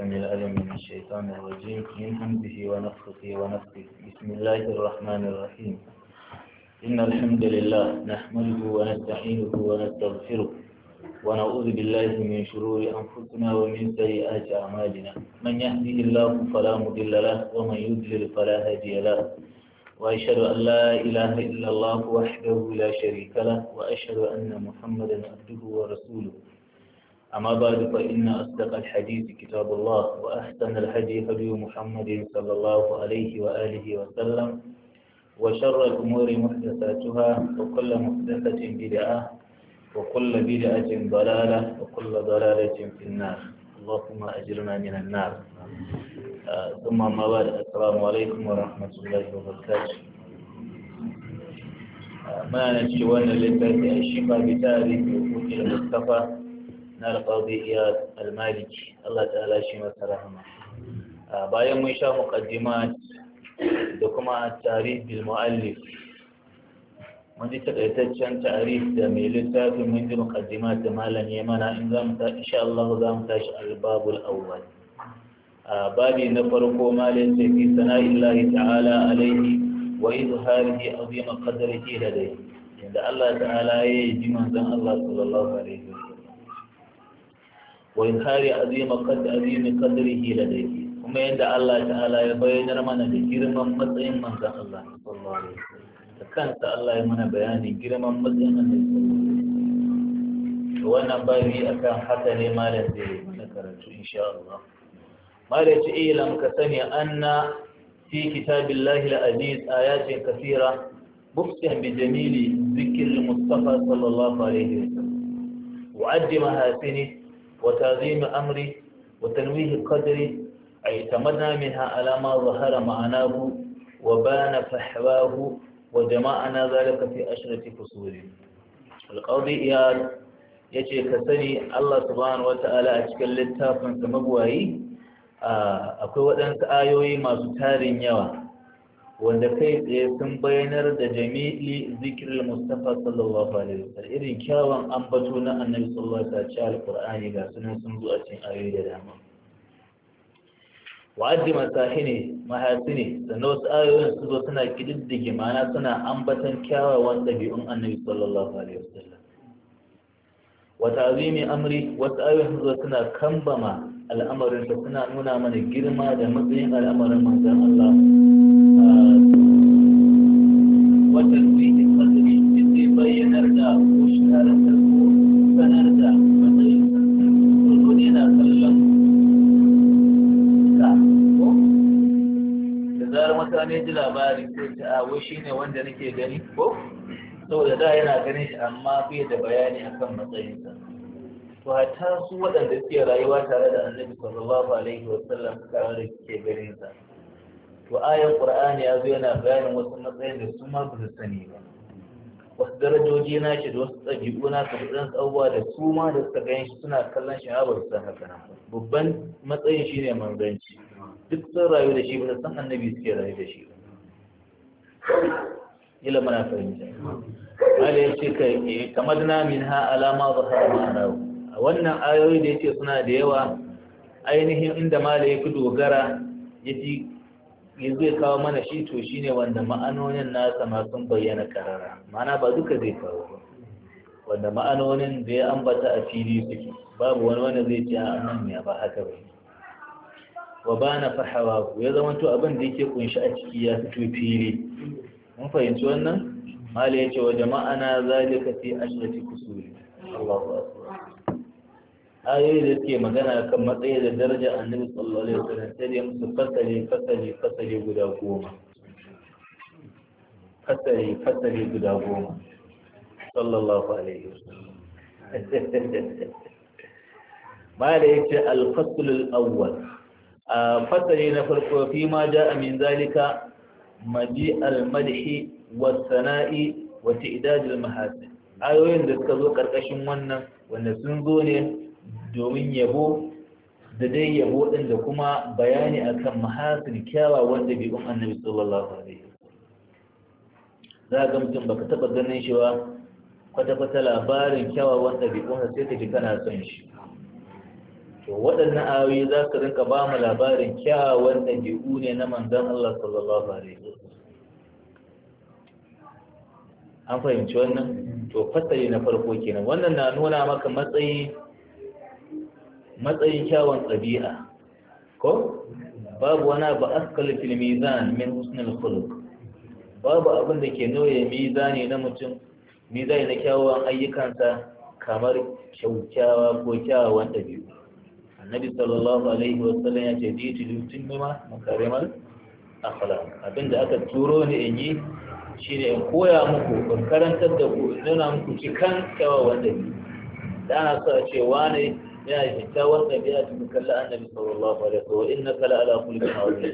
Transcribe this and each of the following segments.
السميع الأليم من الشيطان الرجيم من همزه ونفخه ونفخه بسم الله الرحمن الرحيم إن الحمد لله نحمده ونستعينه ونستغفره ونعوذ بالله من شرور أنفسنا ومن سيئات أعمالنا من يهده الله فلا مضل له ومن يضلل فلا هادي له وأشهد أن لا إله إلا الله وحده لا شريك له وأشهد أن محمدا عبده ورسوله أما بعد فإن أصدق الحديث كتاب الله وأحسن الحديث هدي محمد صلى الله عليه وآله وسلم وشر الأمور محدثاتها وكل محدثة بدعة وكل بدعة ضلالة وكل ضلالة في النار اللهم أجرنا من النار ثم أما بعد السلام عليكم ورحمة الله وبركاته ما نشوان وانا لتاتي الشفا بتاريخ وفوت المصطفى na alƙawar iya almaliki Allah ta'ala shi masa rahama bayan mun sha muqaddimat da kuma tarih bil muallif mun ji takaitaccen tarih da mai littafin mun ji muqaddimat da malam ya mana in za mu insha Allah za mu tashi albabul awwal babi na farko malam sai fi sana'illahi ta'ala alaihi wa izharihi azima qadrihi ladayhi da Allah ta'ala ya yi jiman, zan Allah sallallahu alaihi wa izhari azima qad azimi qadrihi ladayhi kuma yadda Allah ta'ala ya bayyana mana da girman matsayin manzon Allah sallallahu alaihi wasallam da kansa Allah ya mana bayani girman matsayin annabi sallallahu wannan babi akan haka ne malam zai mana karatu insha Allah malam ce ilam ka sani anna fi kitabillahi al-aziz ayatin kathira مفتح بجميل ذكر المصطفى صلى الله عليه وسلم وعد محاسنه وتعظيم أمره وتنويه قدره اعتمدنا منها على ما ظهر معناه وبان فحواه وجمعنا ذلك في أشرة فصول القاضي إياد yace ka sani Allah subhanahu a cikin littafinsa magwayi akwai waɗansu ayoyi masu tarin yawa wanda kai tsaye sun bayanar da jami'i zikirar mustafa sallallahu alaihi wasallam irin kyawun ambato na annabi sallallahu alaihi wasallam alqur'ani ga sunan sun zo a cikin ayoyi da dama wa'addi masahini mahasini sannan wasu ayoyin su zo suna kididdige ma'ana suna ambatan kyawawan ɗabi'un annabi sallallahu alaihi wa sallam. wata azimi amri wasu ayoyin su zo suna kambama al'amarinsa suna nuna mana girma da matsayin al'amarin manzon Allah mutane ji labari sai ta awo shi ne wanda nake gani ko saboda da yana ganin shi amma bai da bayani akan matsayinsa to hatta su waɗanda suke rayuwa tare da annabi sallallahu alaihi wa sallam suka da suke ganin sa to ayan qur'ani ya zo yana bayanin wasu matsayin da su ma ba sani ba wasu darajoji na shi da wasu tsabi'u na su da abubuwa da su ma da suka gan shi suna kallon shi ba su haka babban matsayin shine manzanci duk sun rayu da shi ba san annabi suke rayu da shi ila mana fahimta Allah ya ce kai eh, min minha alama zahara ma rawu wannan ayoyi da yace suna da yawa ainihin inda mala ya dogara ya ji ya zai kawo mana shi to shi ne wanda ma'anonin nasa masu bayyana karara mana ba duka zai kawo ba wanda ma'anonin da ya ambata a fili suke babu wani wanda zai ce a nan ya ba haka ba wa bana fahawa ya zama to abin da yake kunshi a ciki ya fito fili mun fahimci wannan mala ce wa jama'ana zalika fi ashrati kusuri Allahu akbar ayoyi da suke magana kan matsayi da daraja annabi sallallahu alaihi wasallam sai dai musu fasali fasali fasali guda goma fasali fasali guda goma sallallahu alaihi wasallam mala al-fasl al-awwal fasali na farko fi ma ja min zalika maji almadhi wassana'i wa ta'dadul mahasi ayoyin da suka zo karkashin wannan wanda sun zo ne domin yabo da dai yabo din da kuma bayani akan mahasin kyawa wanda bi annabi sallallahu alaihi za ga mutum baka taba ganin shi ba kwata-kwata labarin kyawawan ɗabi'unsa sai ka ji kana son shi to waɗannan ayoyi za ka rinka ba mu labarin kyawawan ɗabi'u ne na manzan Allah sallallahu alaihi an fahimci wannan to fasali na farko kenan wannan na nuna maka matsayi matsayin kyawun ɗabi'a ko babu wani abu askal fil mizan min husnul khuluq babu abin da ke nauye mizani na mutum mizani na kyawawan ayyukansa kamar kyaukyawa ko kyawawan ɗabi'u annabi sallallahu alaihi wasallam ya ce ji tilutun nima makarimar akhlaq abinda aka turo ni in yi shine in koya muku in karantar da ku in nuna muku cikan kyawawan da ni da ana so a ce wane yana da kyawawan ɗabi'a cikin kalla annabi sallallahu alaihi wasallam na kala ala kulli hawli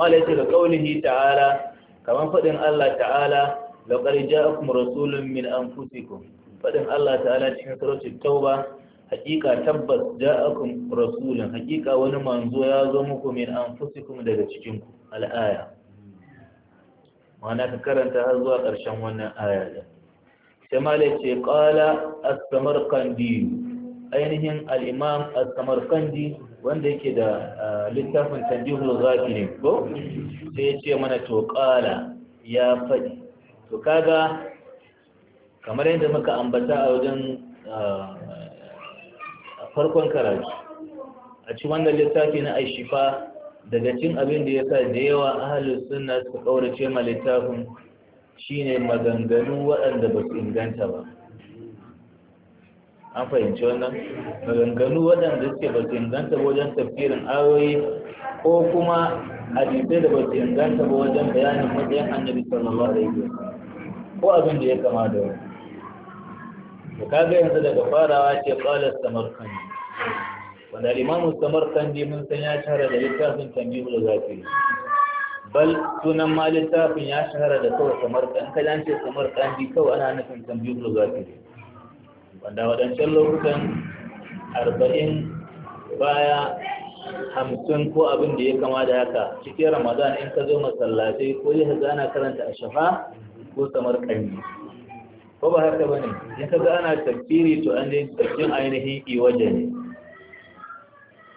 mala yace da kaulihi ta'ala kaman fadin Allah ta'ala laqad ja'akum rasulun min anfusikum fadin Allah ta'ala cikin suratul tauba haƙiƙa tabbas ja'akum rasulun haƙiƙa wani manzo ya zo muku min anfusikum daga cikin ku al'aya ma'ana ka karanta har zuwa ƙarshen wannan aya da sai ce as-samarqandi ainihin al-imam as-samarqandi wanda yake da littafin tanjihul ne ko sai ya ce mana to qala ya faɗi to kaga kamar yadda muka ambata a wajen farkon karatu a ci wannan littafi na ashifa daga cin abin da ya sa da yawa ahalus sunna suka kaurace ma littafin shine maganganu waɗanda ba su inganta ba an fahimci wannan maganganu waɗanda suke ba su inganta ba wajen tafsirin ayoyi ko kuma hadisai da ba su inganta ba wajen bayanin matsayin annabi sallallahu alaihi wasallam ko abin da ya kama da wani to kaga yanzu daga farawa ce qala samarkand wanda limamu samar kandi mun san ya shahara da littafin tambihu da zafi bal sunan ma littafin ya shahara da kawai samar kan ka ce samar kan ji kawai ana nufin tambihu da zafi wanda waɗancan lokutan arba'in baya hamsin ko abin da ya kama da haka cikin ramadan in ka zo masallatai ko ya haza ana karanta a shafa ko samar kandi ko ba haka ba ne in ka ga ana tafsiri to an dai tafsirin ainihin iwaje ne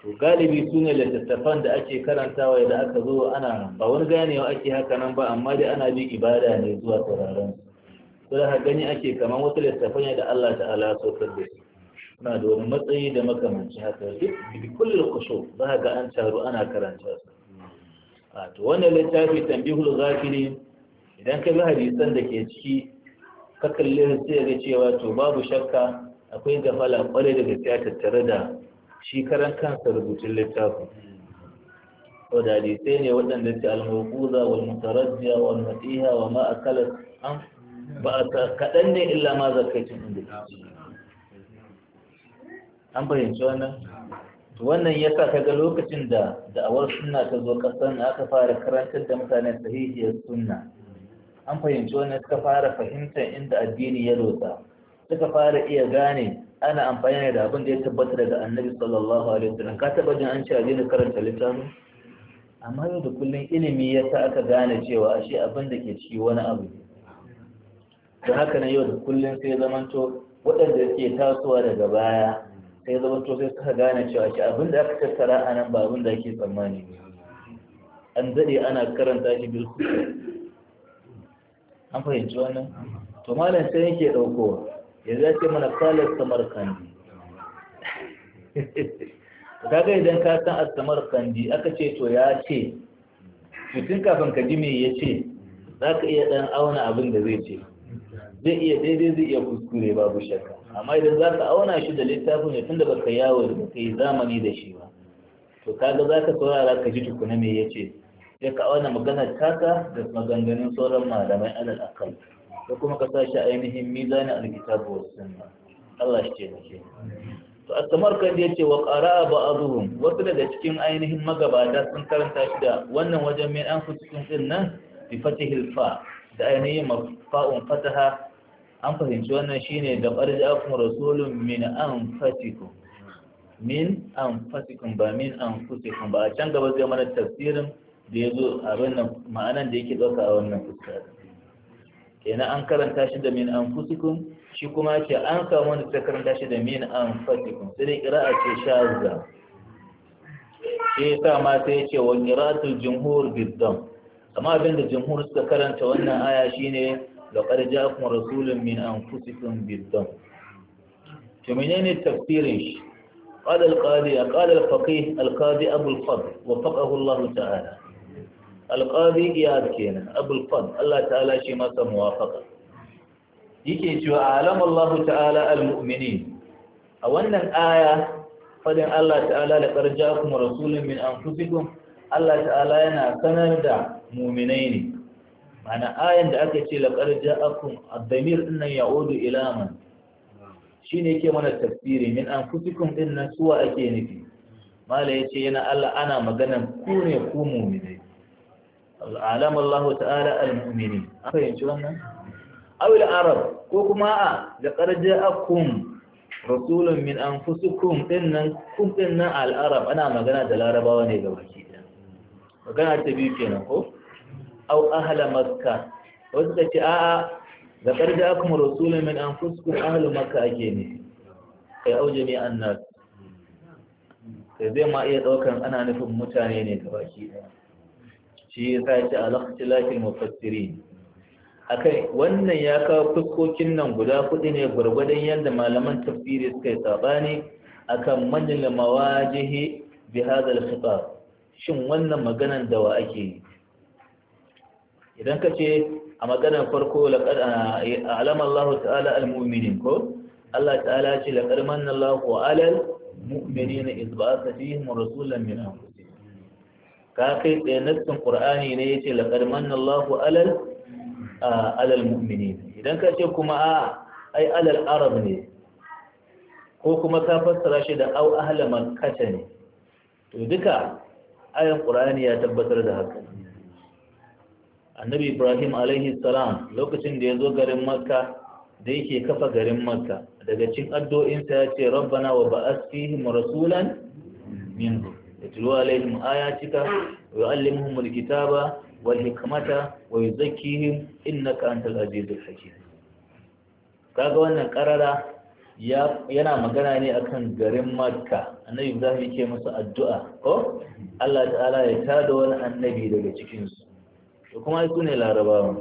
to galibi su littattafan da ake karantawa da aka zo ana ba wani ganewa ake haka nan ba amma dai ana bi ibada ne zuwa sauraron su da haka gani ake kamar wasu littattafan da Allah ta'ala so da su Kuna da wani matsayi da makamanci haka duk bi kullu kusho za ga an taru ana karanta su a to wannan littafi tambihul ghafili idan ka bi hadisan da ke ciki ka kalle sai ga cewa to babu shakka akwai gafala kwarai da gaskiya tattare da shi karan kansa rubutun littafin wadda sai ne waɗanda ce al-mawquza wal wa wal matiha wa ma akalat an ba ta kaɗan ne illa ma zakaitin inda an fahimci wannan wannan ya sa kaga lokacin da da'awar sunna ta zo ƙasar na aka fara karantar da mutane sahihiyar sunna an fahimci wannan suka fara fahimtar inda addini ya rotsa suka fara iya gane ana amfani da abin da ya tabbata daga annabi sallallahu alaihi wasallam ka taba jin an ce a karanta littafin amma yau da kullum ilimi ya sa aka gane cewa ashe abin da ke ciki wani abu da haka na yau da kullum sai to waɗanda ke tasowa daga baya sai to sai suka gane cewa ashe abin da aka tattara a nan ba abin da ake tsammani an daɗe ana karanta shi bilkul an fahimci wannan to malam sai yake ɗaukowa yanzu ya ce mana kalar samar kandi kaga idan ka san astamar kandi aka ce to ya ce fitin kafin ka ji me ya ce za ka iya dan auna abin da zai ce zai iya daidai zai iya kuskure babu shakka amma idan za ka auna shi da littafin ya tunda baka yawo da baka yi zamani da shi ba to kaga za ka saurara ka ji tukuna mai ya ce sai ka auna maganar taka da maganganun sauran malamai alal akal da kuma ka tashi ainihin mizanin alkitabu wa sunna Allah shi ce taimake to asmar kan da yace wa qara'a ba'dhum wasu daga cikin ainihin magabata sun karanta shi da wannan wajen mai an cikin din nan bi fatihil fa da ainihin mafa'un fataha an fahimci wannan shine da arja'akum rasulun min min anfasikum ba min anfusikum ba a can gaba zai mana tafsirin da yazo abin nan ma'anan da yake dauka a wannan fuskar yana an karanta shi da min anfusikum shi kuma ce an samu wanda ta karanta shi da min anfusikum sai dai qira'a ce shazza sai sa ma sai ce wa qira'atul jumhur biddam amma abin da jumhur suka karanta wannan aya shine laqad kuma rasulun min anfusikum biddam to ne tafsirin shi قال القاضي قال الفقيه القاضي أبو الفضل وفقه الله تعالى alƙadi iyad kenan abul fad Allah ta'ala shi masa muwafaqa yake cewa alam Allah ta'ala almu'minin a wannan aya fadin Allah ta'ala la kuma rasulun min anfusikum Allah ta'ala yana sanar da mu'minai ne mana ayan da aka ce la qarja'akum ad-damir innan ya'udu ila man shine yake mana tafsiri min anfusikum din nan suwa ake nufi mala yace yana Allah ana maganan ku ne ku mu'minai alam Allah ta'ala al-mu'minin an fahimci wannan awil arab ko kuma a da karja akum rasulun min an dinnan kun dinnan al-arab ana magana da larabawa ne ga baki magana ta biyu kenan ko Au ahla makka wasu ka ce a'a da karja akum rasulun min an anfusukum ahlu makka ake ne kai au jami'an nas Kai zai ma iya daukan ana nufin mutane ne ga baki ɗaya shi ya sa ce alaƙacilafin mafassiri kai, wannan ya kawo fuskokin nan guda kuɗi ne gwargwadon yadda malaman tafsiri suka yi saɓani akan manyan lamawa jihe bi hazal khitab shin wannan maganan da wa ake yi idan ka ce a maganar farko alam Allah ta'ala al-mu'minin ko Allah ta'ala ce laqad manna Allahu 'alal mu'minina idh ba'atha fihim rasulan min anfusihim ka kai tsaye nassin qur'ani ne yace laqad manna Allahu alal alal mu'minin idan ka ce kuma a ai alal arab ne ko kuma ka fassara shi da au ahla makkata ne to duka ayan qur'ani ya tabbatar da haka annabi ibrahim alaihi salam lokacin da ya zo garin makka da yake kafa garin makka daga cikin addu'insa ya ce rabbana wa ba'ath fihim rasulan minhum يتلو عليهم آياتك ويعلمهم الكتاب والحكمة ويزكيهم إنك أنت العزيز الحكيم kaga wannan karara yana magana ne akan garin makka annabi ibrahim yake masa addu'a ko Allah ta'ala ya tada wani annabi daga cikin su to kuma su ne larabawa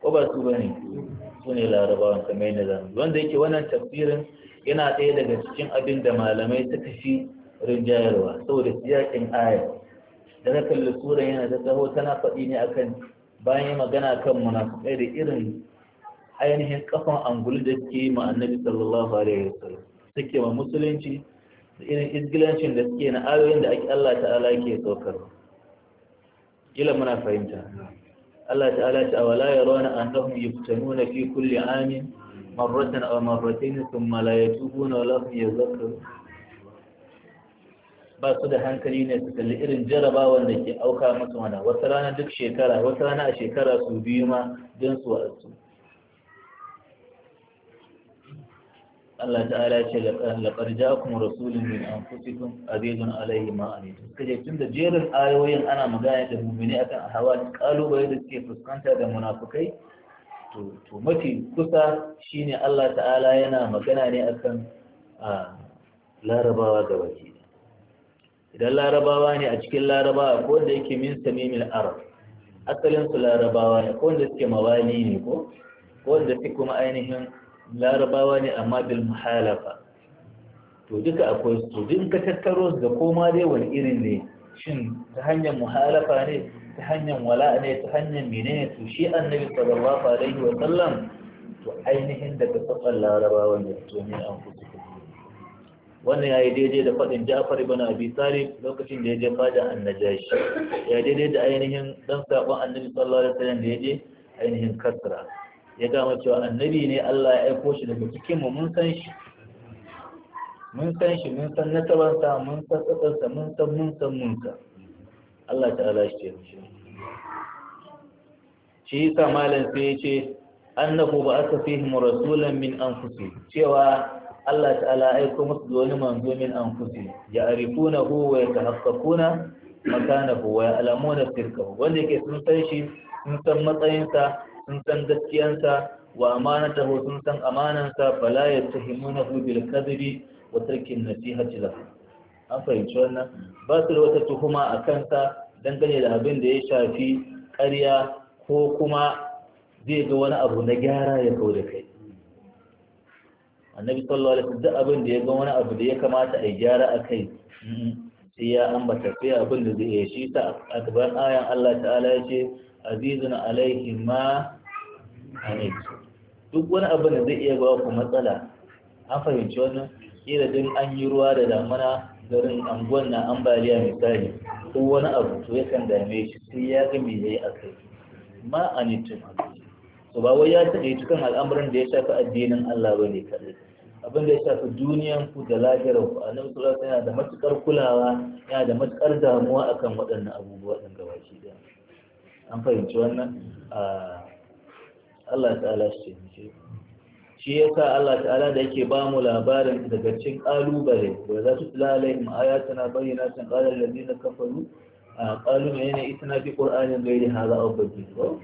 ko ba su bane su ne larabawa kamar yadda wanda yake wannan tafsirin yana ɗaya daga cikin abin da malamai suka fi rinjayarwa saboda siyakin aya da na kalli sura yana da tsaho tana faɗi ne akan bayan yi magana kan munafukai da irin ainihin kafan angulu da suke yi ma annabi sallallahu alaihi wasallam suke ma musulunci da irin izgilancin da suke na ayoyin da ake Allah ta'ala ke saukar ila muna fahimta Allah ta'ala ta wala yarawna annahum yuftanuna fi kulli amin marratan aw marratayn thumma la yatubuna wa la ya yadhakkarun ba su da hankali ne su kalli irin jarabawan da ke auka masu mana wata rana duk shekara wata rana a shekara su biyu ma don su wa'azu Allah ta'ala ce laƙar kuma rasulun min anfusikum azizun alayhi ma anitum kaje tun da jerin ayoyin ana magana da mumini akan hawa kalubale da suke fuskanta da munafukai to to mafi kusa shine Allah ta'ala yana magana ne akan ah, larabawa gabaki idan larabawa ne a cikin larabawa ko da yake min samimin arab asalin su larabawa ne ko da suke mawali ne ko ko da suke kuma ainihin larabawa ne amma bil muhalafa to duka akwai su din ka tattaro da koma dai wani irin ne shin ta hanyar muhalafa ne ta hanyar wala ne ta hanyar menene to shi annabi sallallahu alaihi wa sallam to ainihin daga safar larabawa ne to ne an kusa wannan ya yi daidai da faɗin ja'far ibn abi talib lokacin da ya je fada annajashi ya yi daidai da ainihin dan saƙon annabi sallallahu alaihi wasallam da ya je ainihin kasra ya gama cewa annabi ne Allah ya aiko shi daga cikin mu mun san shi mun san shi mun san nasabarsa mun san tsatsarsa mun san mun san mun san Allah ta'ala shi ce shi sa malam sai ya ce annahu ba'atha fihim rasulan min anfusihim cewa Allah ta'ala aiko musu da wani manzo min anfusi ya arifuna hu wa yatahaqqaquna makanahu wa ya'lamuna sirkahu wanda yake sun san shi sun san matsayinsa sun san gaskiyansa wa amanatahu sun san amanansa fala yattahimunahu bil kadhibi wa tarki nasihati lahu an fahimci wannan ba su da wata tuhuma a kansa dangane da abin da ya shafi ƙarya ko kuma zai ga wani abu na gyara ya kau da kai annabi sallallahu alaihi wasallam duk abin da ya ga wani abu da ya kamata a gyara a kai mm-hmm, sai ya ambata sai abin da zai yi shi ta akbar ayan Allah ta'ala ya ce azizun alaihi ma anit duk wani abu da zai iya ba ku matsala an fahimci wannan kila din an yi ruwa da lamuna garin anguwan na ambaliya misali ko wani abu to ya kan dame shi sai ya ga me yayi akai ma anitun to ba wai ya taɓa cikin al'amuran da ya shafi addinin Allah ba ne kaɗai abin da ya shafi duniyan ku da lahirar ku annabi sallallahu alaihi yana da matukar kulawa yana da matukar damuwa akan waɗannan abubuwa ɗin gaba shi da an fahimci wannan Allah ta'ala shi ce shi yasa Allah ta'ala da yake ba mu labarin daga cikin kalubale wa za su tula alaihim ayatuna bayyinatin qala allazina kafaru qalu ma yana itna fi qur'anin ghairi hadha aw badil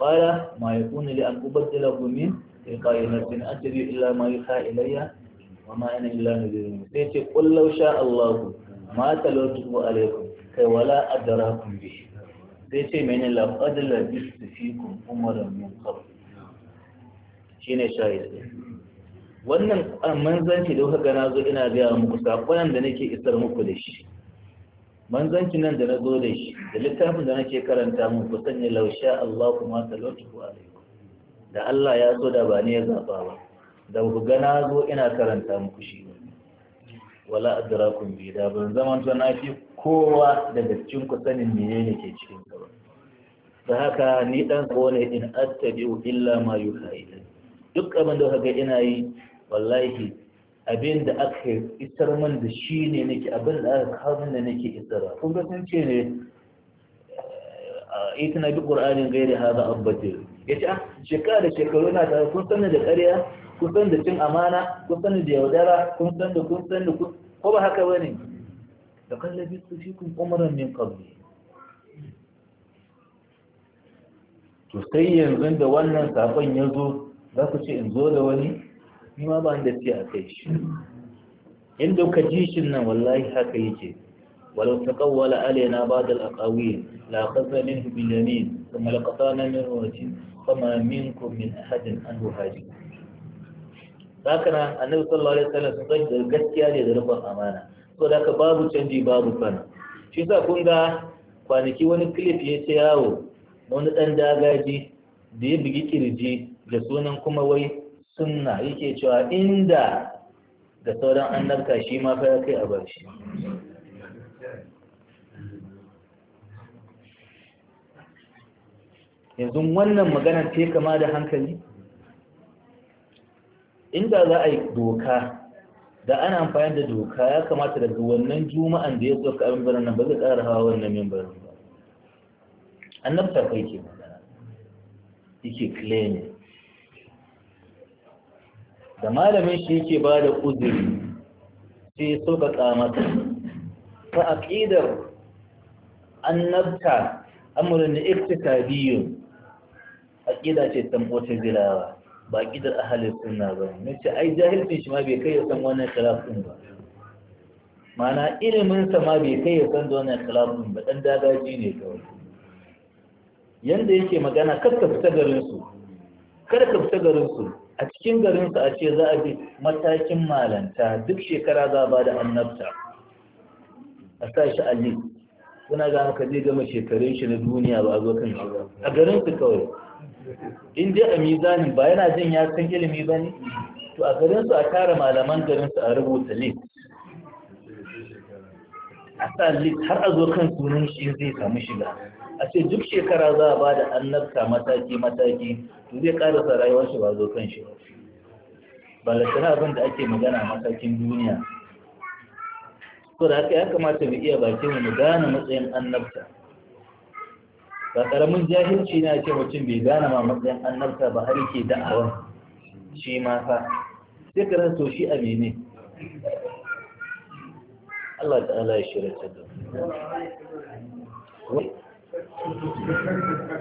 قال ما يكون لي أن أبدله من تلقاء نفس أتري إلا ما يخاء إلي وما أنا إلا نذير المسيح قل لو شاء الله ما تلوته عليكم كي ولا أدراكم به سيتي من الله لقد لبثت فيكم أمرا من قبل شيني shahid wannan manzanci da kuka gana zo ina gaya muku sakonan da nake isar muku da shi manzanci nan da na zo da shi da littafin da nake karanta mun ku sanya lausha Allah kuma salatu alaikum da Allah ya so da ba ne ya zaba ba da ku ga na zo ina karanta muku shi wala adrakum bi da ban zaman to na fi kowa daga cikin ku sanin menene ke cikin ka ba haka ni dan ko ne in attabi illa ma yuha duk abin da kaga ina yi wallahi abin da aka isar man da shi ne nake abin da aka kawo da nake isarwa kun ga sun ce ne ah, ita na bi qur'anin gairi hada abbadir yace ah shekara da shekaru na ta kun san da ƙarya kun san da cin amana kun san da yaudara kun san da kun san da ko ba haka bane da kallabi su fi kun umran min qabli to sai yanzu da wannan sabon ya zo za ku ce in zo da wani ni ma ba da siya kai shi in dauka jishin nan wallahi haka yake walau kawwala alaina ba da aqawil la akhadna min bil yamin thumma laqatana na min fama minkum min ahadin an haji haka nan annabi sallallahu alaihi wasallam sun da gaskiya ne da rubun amana so da ka babu canji babu fana shi sa kun ga kwanaki wani kilif ya ce yawo wani ɗan dagaji da ya bugi kirji da sunan kuma wai sunna yake cewa inda da sauran annabta shi ma fa kai a bar shi yanzu wannan maganar ce kama da hankali inda za a yi doka da ana amfani da doka ya kamata daga wannan juma'an da ya tsoka abin birnin ba zai ƙara hawa wannan mimbarin ba annabta kai ke magana yake claiming da malamin shi yake ba da uzuri sai sauƙaƙa tsamata ta aƙidar annabta amurin da iktita biyu aƙida ce tamkocin zirawa ba ba aƙidar ahalin suna ba ne ce ai jahilcin shi ma bai kai ya san wannan kalafin ba mana iliminsa ma bai kai ya san da wannan kalafin ba ɗan dagaji ne kawai yanda yake magana kar ka fita garinsu kar ka fita garinsu a cikin garinsu a ce za a bi matakin malanta duk shekara za a ba da annabta a sa shi ali suna ga maka zai gama shekarun shi na duniya ba a zo kan shi a garinsu kawai in dai a mizani ba yana jin ya san ilimi ba ne to a garinsu a tara malaman garinsu a rubuta list a sa list har a zo kan sunan shi zai samu shiga a ce duk shekara za a ba da annabta mataki-mataki to zai karasa rayuwar shi ba zo kan shi ba lantar abin da ake magana matakin duniya ko da haka ya kamata mu iya bakin mu gane matsayin annabta ba karamin jahilci a ce mutum bai gane ma matsayin annabta ba har yake da'awa shi ma fa sai ka rasa shi a mene Allah ta'ala ya shirya ta da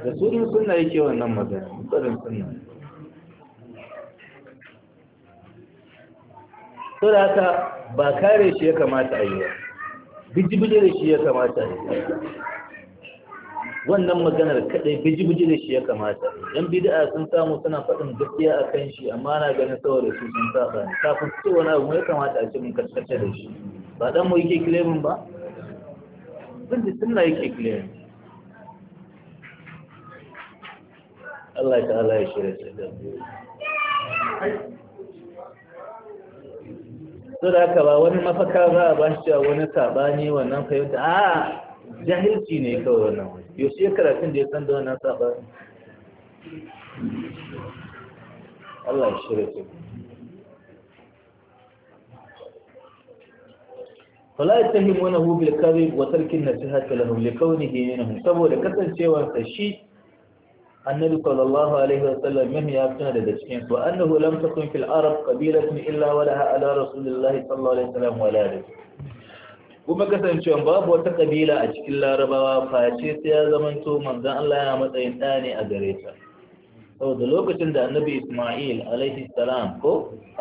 da sunan suna yake wannan magana mutarin suna sau da haka ba kare shi ya kamata a yi ba bijibiji da shi ya kamata a yi wannan maganar kadai bijibije da shi ya kamata yan bid'a sun samu suna faɗin gaskiya a kan shi amma na ganin da su sun saba ne kafin su wani abu ya kamata a ce mun karkace da shi ba dan mu yake kilemin ba sun ji sunna yake kilemin Allah ta'ala ya shirya da da haka ba wani mafaka za a ba shi wani ne wannan fahimta a jahilci ne kawai wannan wani yau shi karatun da ya san da wannan ne. Allah ya shirya su فلا يتهمونه بالكذب وترك النصيحة له لكونه منهم سبب لكثر شيء وانتشي annabi sallallahu alaihi wa sallam min ya tuna daga cikin su annahu lam takun fil arab qabilatun illa wa laha ala rasulillah sallallahu alaihi wa sallam kuma kasancewa babu wata kabila a cikin larabawa face sai ya zamanto manzon Allah yana matsayin ɗa ne a gare ta saboda lokacin da annabi Isma'il alaihi salam ko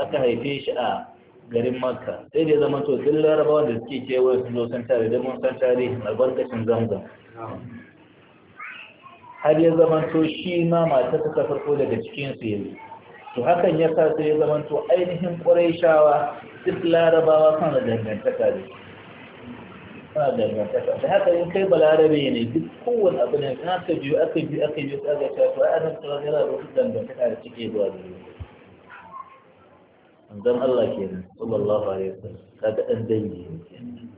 aka haife shi a garin Makka sai da ya zamanto duk larabawan da suke kewaye sun zo san tare da mun san tarihin albarkacin Zamzam har ya zamanto shi ma mata ta farko daga cikinsu yanzu to hakan ya sa sai ya zamanto ainihin ƙwarai duk larabawa kan da dangantaka da suna dangantaka da haka in kai balarabe ne duk kowane abu ne kan aka biyu aka biyu aka biyu aka biyu to ai annabi sallallahu yana da dangantaka da cike zuwa da dan Allah kenan sallallahu alaihi wasallam ga dan dangi ne kenan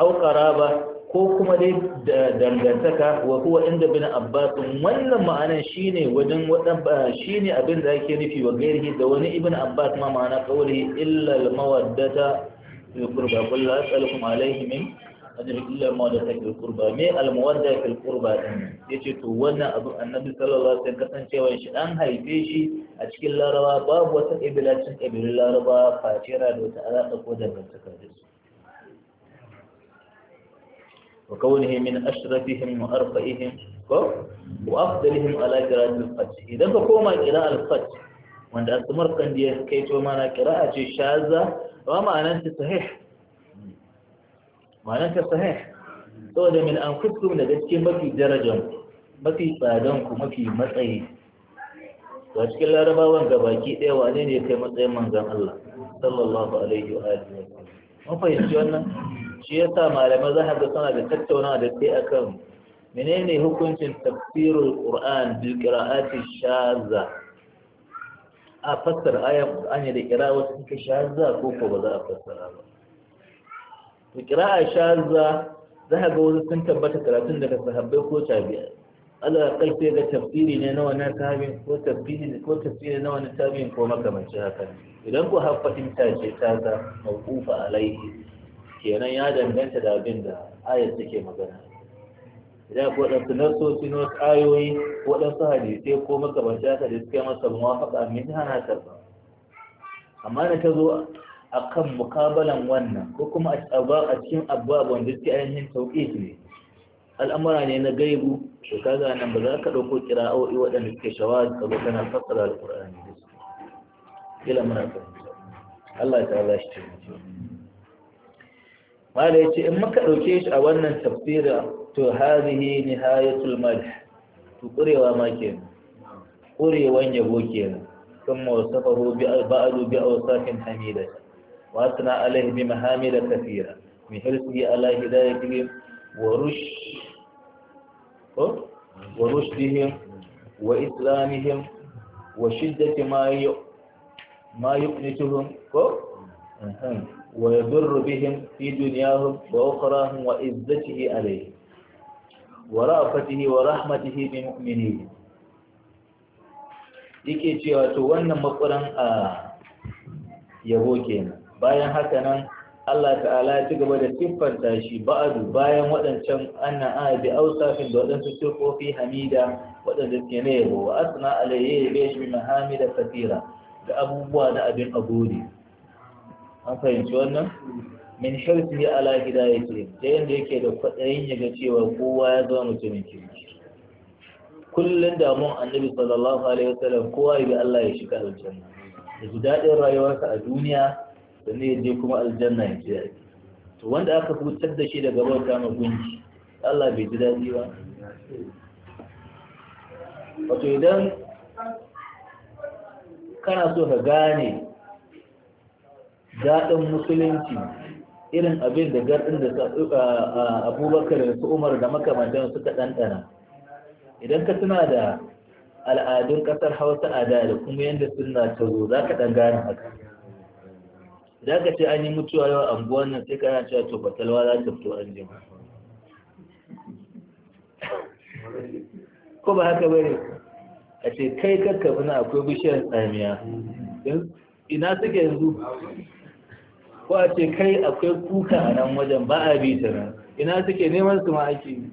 au ko kuma dai dangantaka wa huwa inda bin abbas wannan ma'anan shine wajen wadan shine abin da yake nufi wa gairihi da wani ibn abbas ma ma'ana qawli illa al mawaddata fi qurba qul la as'alukum alayhi min ajrin illa al mawaddata fi qurba me al mawaddata fi qurba din yace to wannan abu annabi sallallahu alaihi wasallam kasancewa shi an haife shi a cikin laraba babu wata ibilatin ibilin laraba facira da wata alaka ko dangantaka da su وكونه من أشرفهم وأرقئهم وأفضلهم على قراءة الفتح إذا فكوما قراءة الفتح وأن أستمر كان دي كيتو معنى قراءة شاذة وما أنت صحيح ما أنت صحيح saboda min an fuskum daga cikin mafi darajan mafi tsadanku mafi matsayi ga cikin larabawan ga baki ɗaya wane ne kai matsayin manzan Allah sallallahu alaihi wa alihi wa fahimci wannan shi yasa malamai za ga suna da tattaunawa da sai akan menene hukuncin tafsirul qur'an bil qira'ati shazza a fassara ayan qur'ani da qira'a suka shazza ko ko ba za a fassara ba to qira'a shazza za ka ga wasu sun tabbata karatun daga sahabbai ko tabi'a Allah kai sai ga tafsiri ne na wannan sahabin ko tafsiri ko tafsiri na wannan tabi'in ko makamanci haka idan ku haffatin ta ce ta ga mawqufa alaihi kenan ya danganta da abin da ayat take magana idan ko dan nasosi na wasu ayoyi ko dan su hadisai ko makamanci haka da suke masa muwafaqa min hana ba amma da ta zo akan mukabalan wannan ko kuma a cikin abubuwa wanda suke ainihin tauqif ne al'amura ne na gaibu to kaga nan ba za ka dauko kira'o'i waɗanda suke shawaz ka zo kana fassara alqur'ani da su kila muna Allah ta'ala shi ce mala ya ce in muka ɗauke shi a wannan tafsirin to hazihi nihayatul madh to ƙurewa ma kenan ƙurewan yabo kenan ثم وصفه بعد بأوصاف حميدة وأثنى عليه بمحامد كثيرة من حرصه على هدايتهم ورش ورشدهم وإسلامهم وشدة ما ما ko. ويضر بهم في دنياهم وأخراهم وإزته عليه ورأفته ورحمته بمؤمنين yake cewa to wannan makwaran a yabo kenan bayan haka nan Allah ta'ala ya ci gaba da siffanta shi ba'adu bayan waɗancan annan ana bi ausafin da waɗansu tufofi hamida waɗanda suke na yabo wa asna alayhi ya shi mahamida kafira da abubuwa na abin agodi an fahimci wannan min hirsihi ala hidayati da yanda yake da kwadayin ga cewa kowa ya zama mutumin kirki kullun damuwan annabi sallallahu alaihi wasallam kowa ya bi Allah ya shiga aljanna da ji dadin rayuwarsa a duniya da ne je kuma aljanna ya ji daɗi to wanda aka wutar da shi daga bauta ma gunki Allah bai ji daɗi ba wato idan kana so ka gane daɗin musulunci irin abin da gardin da abubakar da su umar da makamantan suka ɗanɗana idan ka tuna da al'adun ƙasar hausa a da da kuma yadda suna ta zo za ka ɗan gane haka za ka ce an yi mutuwa yau anguwan nan sai kana cewa to batalwa za ta fito an ko ba haka bane a ce kai kakka akwai bishiyar tsamiya ina suke yanzu ko a ce kai akwai kuka a nan wajen ba a bi ta nan ina suke neman su ma ake yi.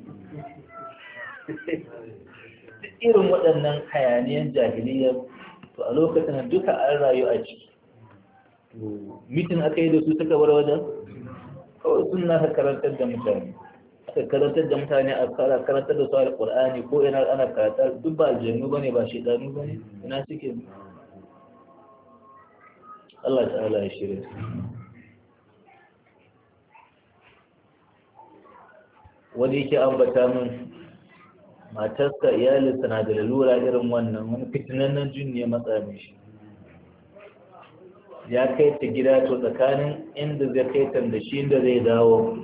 irin waɗannan hayaniyan jahiliya to a lokacin duka an rayu a ciki mitin aka yi da su suka bar wajen kawai sun ka karantar da mutane aka karantar da mutane a kara karantar da su alƙur'ani ko ina ana karata duk ba aljannu ba ne ba shi ɗanu ba ne ina suke Allah ta'ala ya shirya wani yake ambata min matarsa iyalinsa na da lalura irin wannan wani nan jin ne matsa mishi ya kai ta gida to tsakanin inda zai kai ta da shi inda zai dawo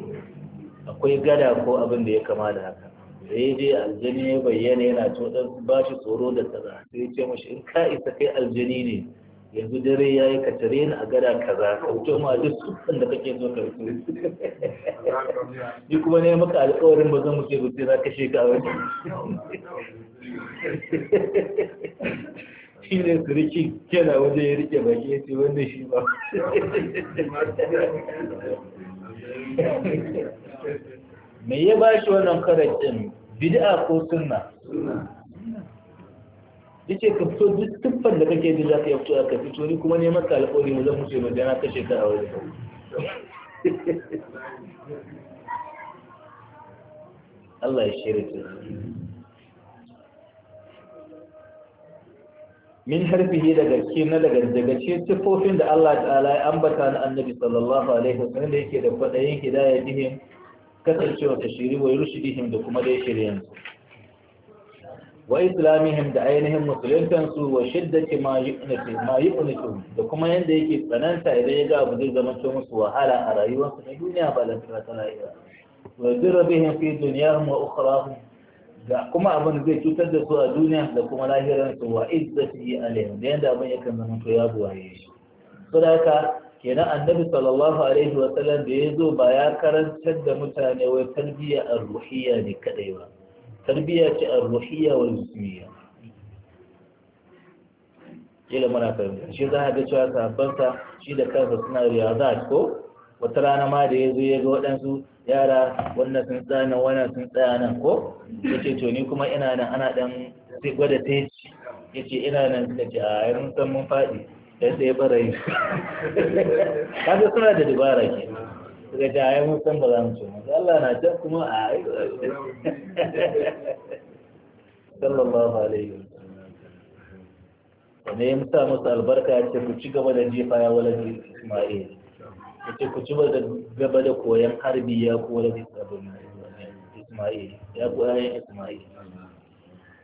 akwai gada ko abin da ya kama da haka zai je aljani ya bayyana yana to dan ba shi tsoro da tsara sai ya ce mashi in ka isa kai aljani ne yanzu dare ya yi katare ni a gada kaza kauce ma duk sukan da kake zo karfi ni kuma ne maka alƙawarin ba zan muke za ka kashe ka wani shi ne riki yana waje ya rike baki ya ce wanda shi ba me ya bashi shi wannan karatun bid'a ko sunna yace ka fito duk tuffan da kake ji za ka fito a fito ni kuma neman ka alƙawari mu zan mutu mai na kashe ka a wani Allah ya shirya min harfihi daga ke na daga daga ce tufofin da Allah ta'ala ya ambata na annabi sallallahu alaihi wasallam da yake da kwadayin hidayatihim kasancewa ta shiri wa yurshdihim da kuma da shiryansu wa islamihim da ainihin musuluntansu wa shiddati ma yi yuqnitu da kuma yadda yake tsananta idan ya ga abu zai zama to musu wahala a rayuwarsu na duniya ba da tsira ta lahira wa dirabihim fi dunyahum wa ukhrahum da kuma abin zai cutar da su a duniya da kuma lahiransu wa izzati alaihim da yanda abin yakan zama to ya buwaye shi saboda kenan annabi sallallahu alaihi wa sallam da ya zo ba ya karantar da mutane wai talbiya ar-ruhiyya ne kadai ba tarbiyya ce a arruhiyya wal jismiyya kila mana fahimta shi za a ga cewa sahabbansa shi da kansa suna riyazat ko wata rana ma da ya zo ya ga waɗansu yara wannan sun tsaya nan wannan sun tsaya nan ko ya ce to ni kuma ina nan ana ɗan gwada teji ya ce ina nan suka ce a yanzu san mun faɗi ya sai bara yi kaga suna da dubara ke suka ce ai mun san ba za mu ci mu Allah na can kuma a sallallahu alaihi wasallam ne ya musa musu albarka ya ce ku ci gaba da jifa ya wala Isma'il ya ce ku ci gaba da koyan harbi ya ku wala Isma'il ya ku ayan Isma'il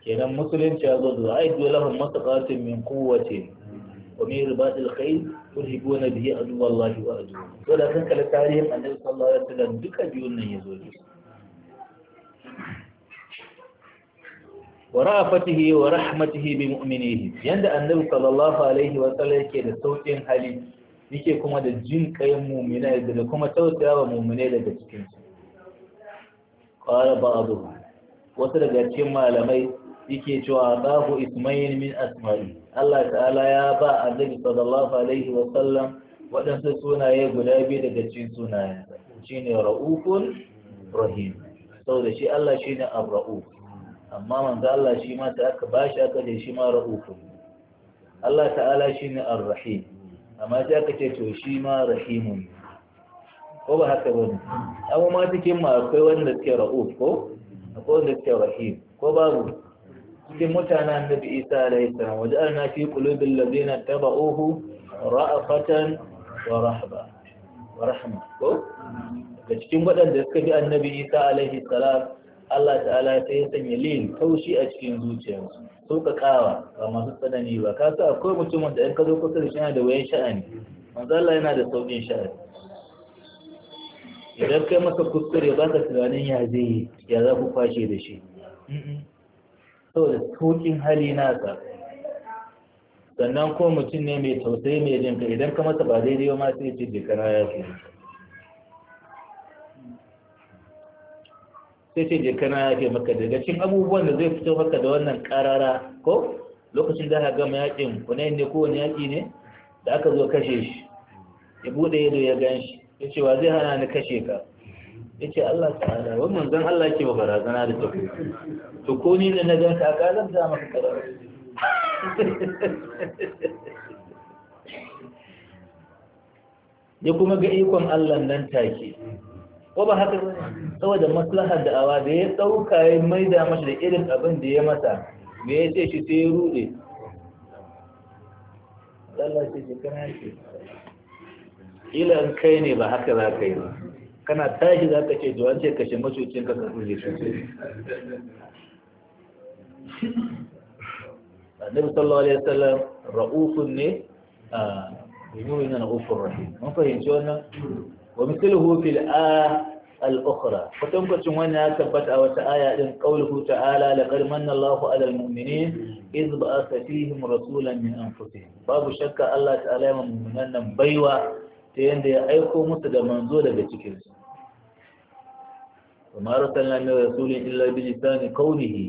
kenan musulunci ya zo da ai dole lahum masaqatin min quwwatin wa min ribatil khayl turhibuna bihi aduwallahi wa aduwa to da kan kala tarihin annabi sallallahu alaihi wasallam duka biyun nan yazo ne wa ra'afatihi wa rahmatihi bi mu'minihi yanda annabi sallallahu alaihi wasallam yake da saukin hali yake kuma da jin kayan mu'mina da kuma tausayawa mu'mina daga cikin su qala ba'dhu wasu daga cikin malamai yake cewa babu ismail min asma'i Allah ta'ala ya ba a zai sallallahu alaihi wa sallam waɗansu sunaye guda biyu daga cikin shi ne ra'ukun rahim Sau da shi Allah ne a ra'u, amma manzo Allah shi ma ta aka bashi aka ce shi ma ra'ukun. Allah ta'ala ne ar-rahim amma sai aka ce to shi ma rahimun ko ba haka bane amma ma cikin ma akwai wanda suke ra'uf ko akwai wanda suke rahim ko babu cikin mutanen da bi isa alaihi salam waje na fi kulubin lazina taba ohu ra'afatan wa rahaba wa rahama ko daga cikin waɗanda suka bi annabi isa alaihi salam Allah ta'ala ta yi sanya lil taushi a cikin zuciyarsu sauƙaƙawa ba masu tsanani ba ka sa akwai mutumin da in ka zo kusa da shi yana da wayan sha'ani manzo Allah yana da sauƙin sha'ani idan kai masa kuskure ba ka tunanin ya zai ya za ku kwashe da shi saboda tokin hali nasa sannan ko mutum ne mai tausayi mai jinka idan ka masa ba daidai ma sai ce kana ya fi sai ce kana ya fi maka daga cikin abubuwan da zai fito maka da wannan karara ko lokacin da aka gama yakin yin ne kowane yaki ne da aka zo kashe shi ya bude ido ya gan shi ya ce wa zai hana ni kashe ka yake Allah ta'ala wa manzon Allah yake ba barazana da tafi to ko ni da na ganka ka zan da maka karatu ya kuma ga ikon Allah nan take ko ba haka ba saboda maslahar da awa da ya dauka ya maida masa da irin abin da ya masa me ya ce shi sai ya rude Allah ce shi kana ce ila kai ne ba haka za ka yi ba kana tashi za ka ce to ce kashe masocin ka da ne su annabi sallallahu alaihi wasallam ra'ufun ne a yumin na ra'ufur rahim mun fahimci wannan wa mithluhu fil الأخرى فتنكت من أثبت أو تعالى قوله تعالى لقد من الله على min إذ Babu shakka Allah من أنفسهم باب شك الله تعالى من مؤمنان بيوة تيند يأيكو متد منزولة بتكرس wa ma rasulna min rasulin illa bi lisani qawlihi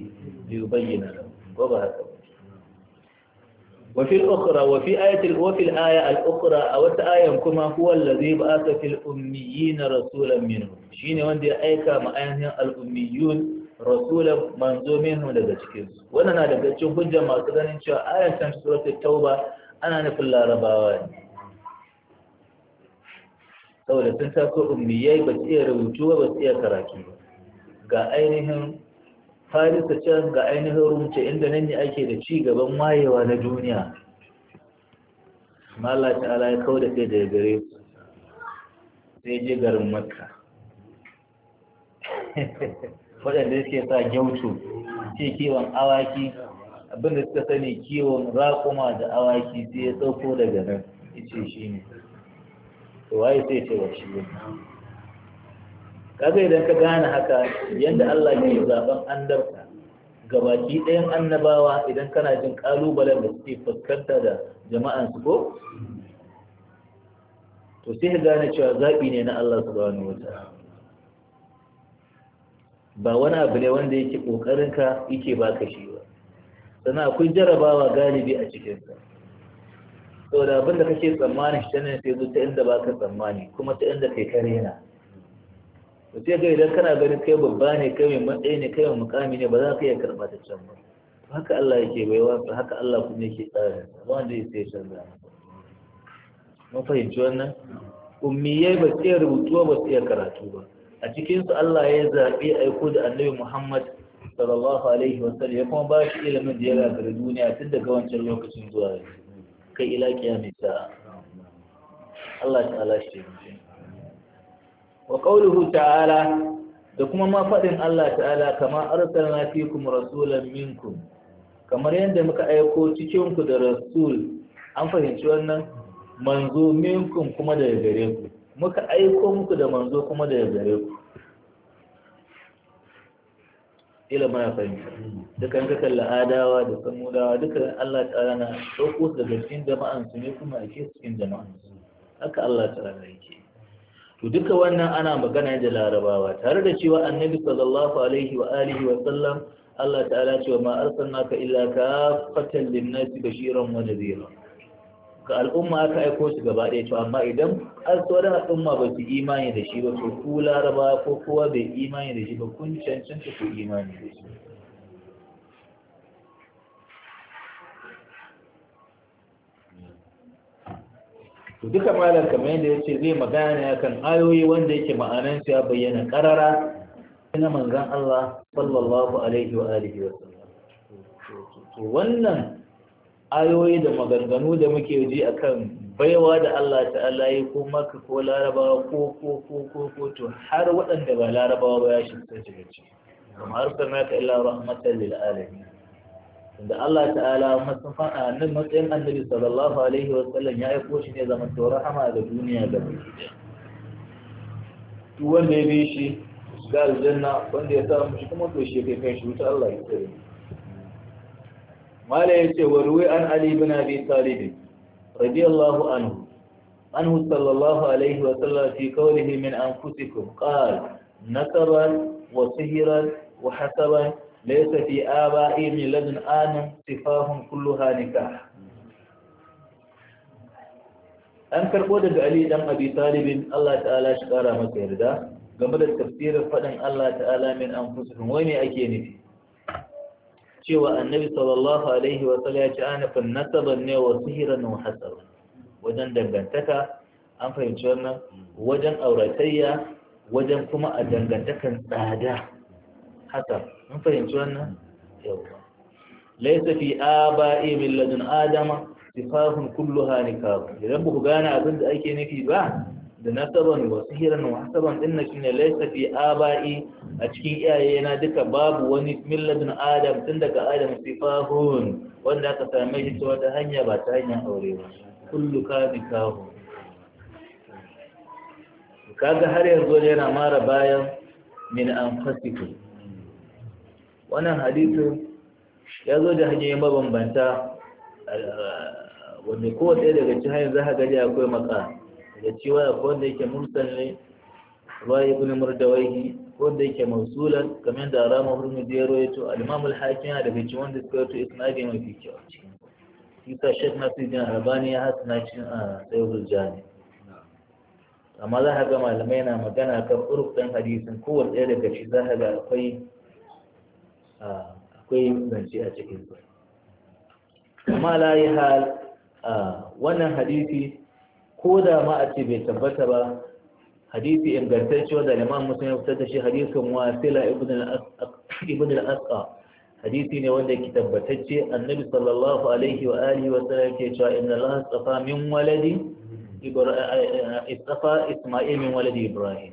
li yubayyana wa haka wa fi al-ukhra wa fi ayati wa fi al-aya al-ukhra aw ta ayan kuma huwa alladhi ba'atha fil ummiyin rasulan wanda ya aika ma ayyan al-ummiyun rasulan manzo minhum daga cikin su wannan na da cikin hujja masu ganin cewa ayatan suratul tauba ana nufin larabawa ne saboda sun taso ummiyai ba su iya rubutu ba su iya karatu ba ga ainihin farisa can ga ainihin rumce inda nan ne ake da ci gaban wayewa na duniya Allah ala ya kawo da kai daga gare su sai je garin makka waɗanda suke sa gyautu ce kiwon awaki abinda suka sani kiwon raƙuma da awaki sai ya ɗauko daga nan ya ce shi ne to waye sai ce wa shi kaga idan ka gane haka yadda Allah ke zaben andarka baki ɗayan annabawa idan kana jin ƙalubalen da suke fuskanta da jama'an su ko to sai ka gane cewa zaɓi ne na Allah subhanahu wa ta'ala ba wani abu ne wanda yake ka yake baka shi ba sannan akwai jarabawa galibi a cikinsa sau da abinda kake tsammani shi ne sai zo ta inda ba ka tsammani kuma ta inda kai kare na mutum ga idan kana gani kai babba ne kai mai matsayi ne kai mai mukami ne ba za ka iya karɓa ta can ba haka Allah yake bai su haka Allah kuma yake tsarin ba wanda ya sai canza mun fahimci wannan ummiyai ba sai rubutuwa ba sai karatu ba a cikinsu Allah ya zaɓi aiko da annabi Muhammad sallallahu alaihi wasallam ya kuma ba shi ilimin da ya gagara duniya tun daga wancan lokacin zuwa yanzu kai ila mai Allah ta'ala shi wa qawluhu ta'ala da kuma ma faɗin Allah ta'ala kama arsalna fikum rasulan minkum kamar yadda muka aiko cikin ku da rasul an fahimci wannan manzo minkum kuma daga gare ku muka aiko muku da manzo kuma daga gare ku ila ma ya fahimta duka in ka kalla adawa da samudawa duka Allah ta'ala na ɗauko su daga cikin jama'an su ne kuma a ake cikin jama'an su haka Allah ta'ala yake to duka wannan ana magana da larabawa tare da cewa annabi sallallahu alaihi wa alihi wa sallam Allah ta'ala cewa ma arsalnaka illa kafatan lin-nasi bashiran wa nadhira Ka al'umma aka aiko su gaba ɗaya to amma idan an al'umma ba su imani da shi ba to ku laraba ko kowa bai imani da shi ba kun cancanta ku imani da shi to duka malam kamar yadda ya ce zai magana ne akan ayoyi wanda yake ma'anan ya bayyana karara na manzan Allah sallallahu alaihi wa alihi wa sallam wannan ayoyi da maganganu da muke ji a kan baiwa da Allah ta'ala yi ko maka ko larabawa ko ko ko ko ko to har waɗanda ba larabawa ba ya shiga cikin ci kuma har sana ka ila rahmatan lil alamin da Allah ta'ala musafa annabi matsayin annabi sallallahu alaihi wa sallam ya aiko shi ne zama to rahama da duniya da duniya duk wanda ya bi shi ga aljanna wanda ya samu shi kuma to shi kai kan shi wuta Allah ya tsare mala ya wa ruwi an ali ibn abi talib radiyallahu anhu anhu sallallahu alaihi wa sallam fi qawlihi min anfusikum qala nakaran wa sihran wa hasaban laysa fi aba'i min ladun adam sifahum kulluha nikah an karɓo daga ali dan abi talib Allah ta'ala shi kara masa yarda game da tafsirin faɗin Allah ta'ala min an wai ne ake nufi cewa annabi sallallahu alaihi wa sallam ya ce fa nasaban ne wa sihiran wa hasaban wajen dangantaka an fahimci wannan wajen auratayya wajen kuma a dangantakan tsada haka an fahimci wannan yawa laysa fi aba'i min ladun adama sifahun kulluha nikah idan buku gane abin da ake nufi ba da nasaban wasiran wasaban din na shine laysa fi aba'i a cikin iyaye na duka babu wani milladun adam tun daga adam sifahun wanda aka same shi ta wata hanya ba ta hanyar aure ba kullu ka nikahu kaga har yanzu yana mara bayan min fasiku. wannan hadithu ya zo da hanyoyi mabambanta wanda kowace daga cikin hanyar za ka gaji akwai maka da cewa akwai wanda yake mursal ne ruwa ibn murdawaihi wanda yake mausulan kamar da rama hurmi da ya rawaito al-imam al-hakim yana daga wanda suka rawaito isnadi mafi kyau a cikin isa shek nasiruddin albani ya hasana cikin a ah, sayyidul jami amma za ka ga malamai na magana kan urufin ɗan hadisin kowane ɗaya daga shi za ka ga akwai ah, akwai zance a cikin su amma layi hal ah, wannan hadisi ko da ma a ce bai tabbata ba hadisi ingantacce wanda liman musulun ya fitar da shi hadisin wasila ibn al-asqa hadisi ne wanda ke tabbatacce annabi sallallahu alaihi wa alihi wa sallam ke cewa inna allaha astafa min waladi istafa isma'il min waladi ibrahim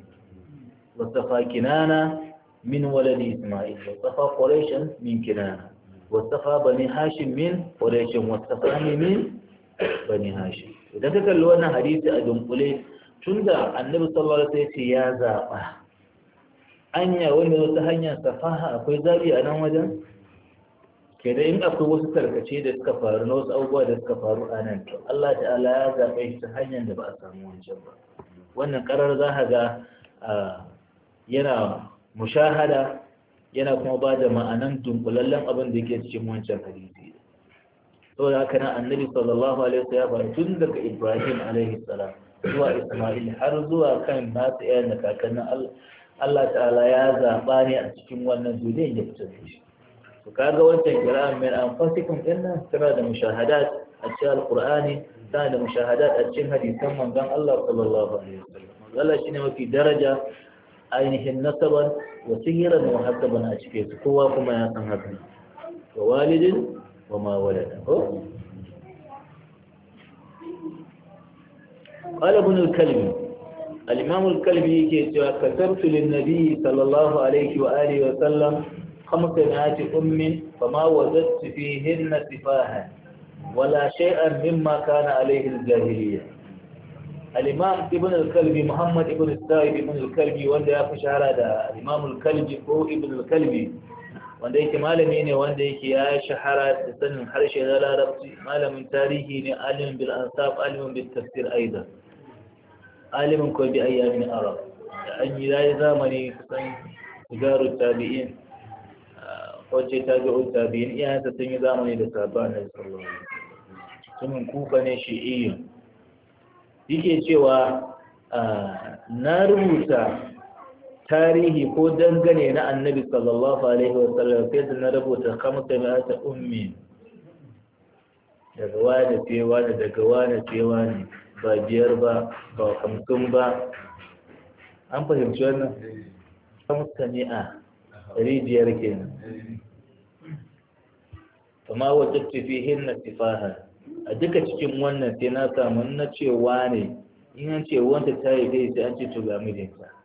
wastafa kinana min waladi isma'il wastafa quraish min kinana wastafa bani hashim min quraish wastafa min bani hashim idan ka kalli wannan hadisi a dunkule tun da annabi sallallahu alaihi wasallam ya zaɓa anya wanda wata hanyar safaha akwai zabi a nan wajen ke da in akwai wasu tarkace da suka faru na wasu abubuwa da suka faru a nan to Allah ta'ala ya zaɓe shi ta hanyar da ba a samu wancan ba wannan karar za ka ga yana mushahada yana kuma ba da ma'anan dunkulallen abin da yake cikin wancan hadisi saboda haka nan annabi sallallahu alaihi wasallam ya tun daga ibrahim alaihi salam zuwa isma'il har zuwa kan nasu iya da kakannin Allah ta'ala ya zaɓa ne a cikin wannan duniyar ya fito da shi to kaga wancan kira'an mai anfasikum din nan tana da mushahadat a cikin alqur'ani tana da mushahadat a cikin hadisan manzon Allah sallallahu alaihi wasallam Allah shine mafi daraja ainihin nasaban wa sihiran wa a cikin kowa kuma ya san haka wa walidin وما ولد قال ابن الكلب الإمام الكلب يقول كتبت للنبي صلى الله عليه وآله وسلم خمس بنات أم فما وجدت فيهن سفاها ولا شيئا مما كان عليه الجاهلية الإمام ابن الكلب محمد ابن السائب ابن الكلبي وانده يفشار هذا الإمام الكلب هو ابن الكلب wanda yake malami ne wanda yake ya shahara da sanin harshe na larabci malamin tarihi ne alimin bil ansab alimin bil tafsir aidan alimin ko bi ayyamin arab da an yi yayi zamani kusan sigaru tabi'in wacce ah, tabi'u tabi'in iyayensa sun yi zamani da sabon na sallallahu mutumin kuka ne shi iya yake cewa ah, na rubuta tarihi ko dangane na annabi sallallahu alaihi wasallam sai da na rubuta kamsa mai ta ummi daga wani cewa da daga wani cewa ne ba biyar ba ba hamsin ba an fahimci wannan kamsa ne a ɗari biyar kenan kama wata tafihin na tifaha a duka cikin wannan sai na samu na cewa ne in an ce wanda ta yi dai sai an ce to ga mijinta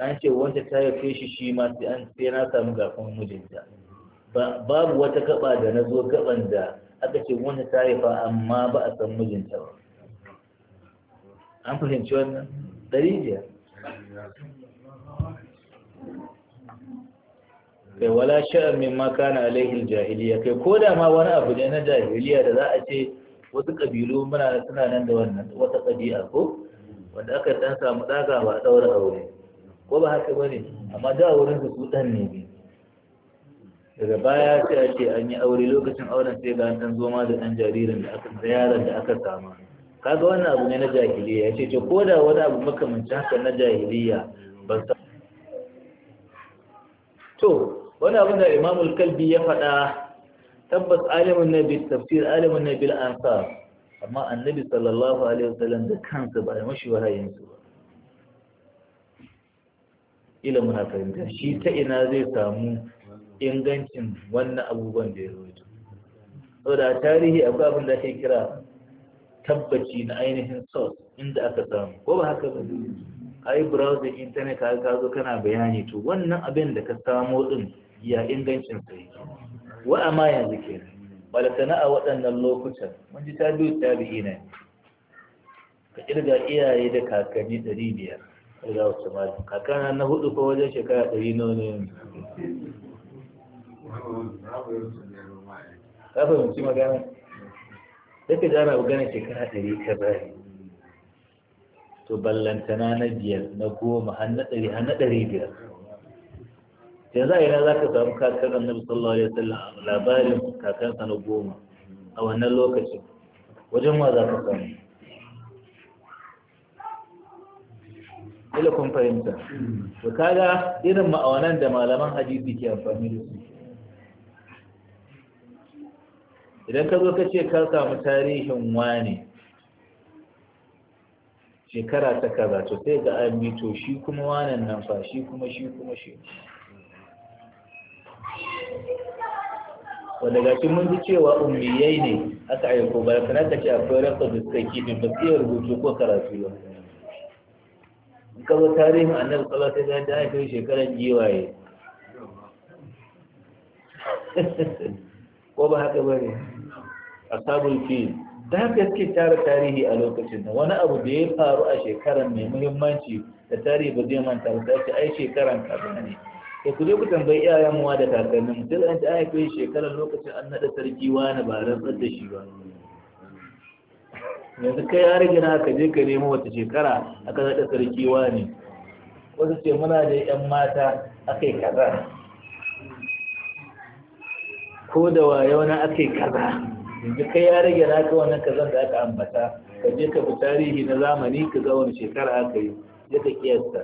an ce wata ta haife shi shi ma sai an sai na samu gafin mijinta babu wata kaba da na zo gaban da aka ce wanda ta haifa amma ba a san mijinta ba an fahimci wannan ɗari kai wala sha'an min ma kana alaihi jahiliya kai ko da ma wani abu ne na jahiliya da za a ce wasu kabilu muna suna nan da wannan wata ƙabi'a ko wanda aka dan samu ɗaga ba a ɗaura aure ko ba haka ba ne amma da wurin su kudan ne ne daga baya sai a ce an yi aure lokacin auren sai ga an zo ma da ɗan jaririn da aka da yaron da aka sama kaga wannan abu ne na jahiliya ya ce ce ko da wani abu makamanci haka na jahiliya ba sa to wani abu da al kalbi ya faɗa tabbas alimin nabi tafsir alimin nabi ansar amma annabi sallallahu alaihi wasallam da kansa ba ya mashi wahayin ba ila muna shi ta ina zai samu ingancin wannan abubuwan da ya rawaito saboda tarihi akwai abin da ake kira tabbaci na ainihin source inda aka samu ko ba haka ba ai browsing internet ka ka zo kana bayani to wannan abin da ka samo din ya ingancin sai wa amma yanzu ke wala sana'a waɗannan lokutan mun ji tabi'u tabi'ina ka kirga iyaye da kakanni ɗari biyar ila usman kakana na hudu ko wajen shekara ɗari noni ka fahimci magana sai ka jana magana shekara ɗari ka bari to ballantana na biyar na goma har na ɗari har na ɗari biyar yanzu a yana za ka samu kakan annabi sallallahu alaihi wasallam labarin kakansa na goma a wannan lokacin wajen ma za ka samu ila kun fahimta to kaga irin ma'aunan da malaman hadisi ke amfani da su idan ka zo ka ce ka samu tarihin wane shekara ta kaza to sai ga an to shi kuma wanan nan fa shi kuma shi kuma shi wanda ga mun ji cewa ummiyai ne aka aiko ba kana ka ce akwai rasa da suka kifin ba sai rubutu ko karatu ba kawo tarihin annabi sallallahu alaihi wasallam da ake shekaran giwaye ko ba haka bane ashabul fil da haka suke tara tarihi a lokacin da wani abu da ya faru a shekaran mai muhimmanci da tarihi ba zai manta ba sai ai shekaran ba ne sai ku je ku tambayi iyayen mu da kakannin mu sai an ta ai kai shekaran lokacin an nada sarki wani ba rantsar da shi ba yanzu kai ya rage na ka je ka nemo wata shekara aka haɗa sarki ne wasu ce muna da yan mata aka yi kaza ko da wayo na aka kaza yanzu kai ya rage na ka wannan kazan da aka ambata ka je ka fi tarihi na zamani ka ga wani shekara aka yi ya ka kiyasta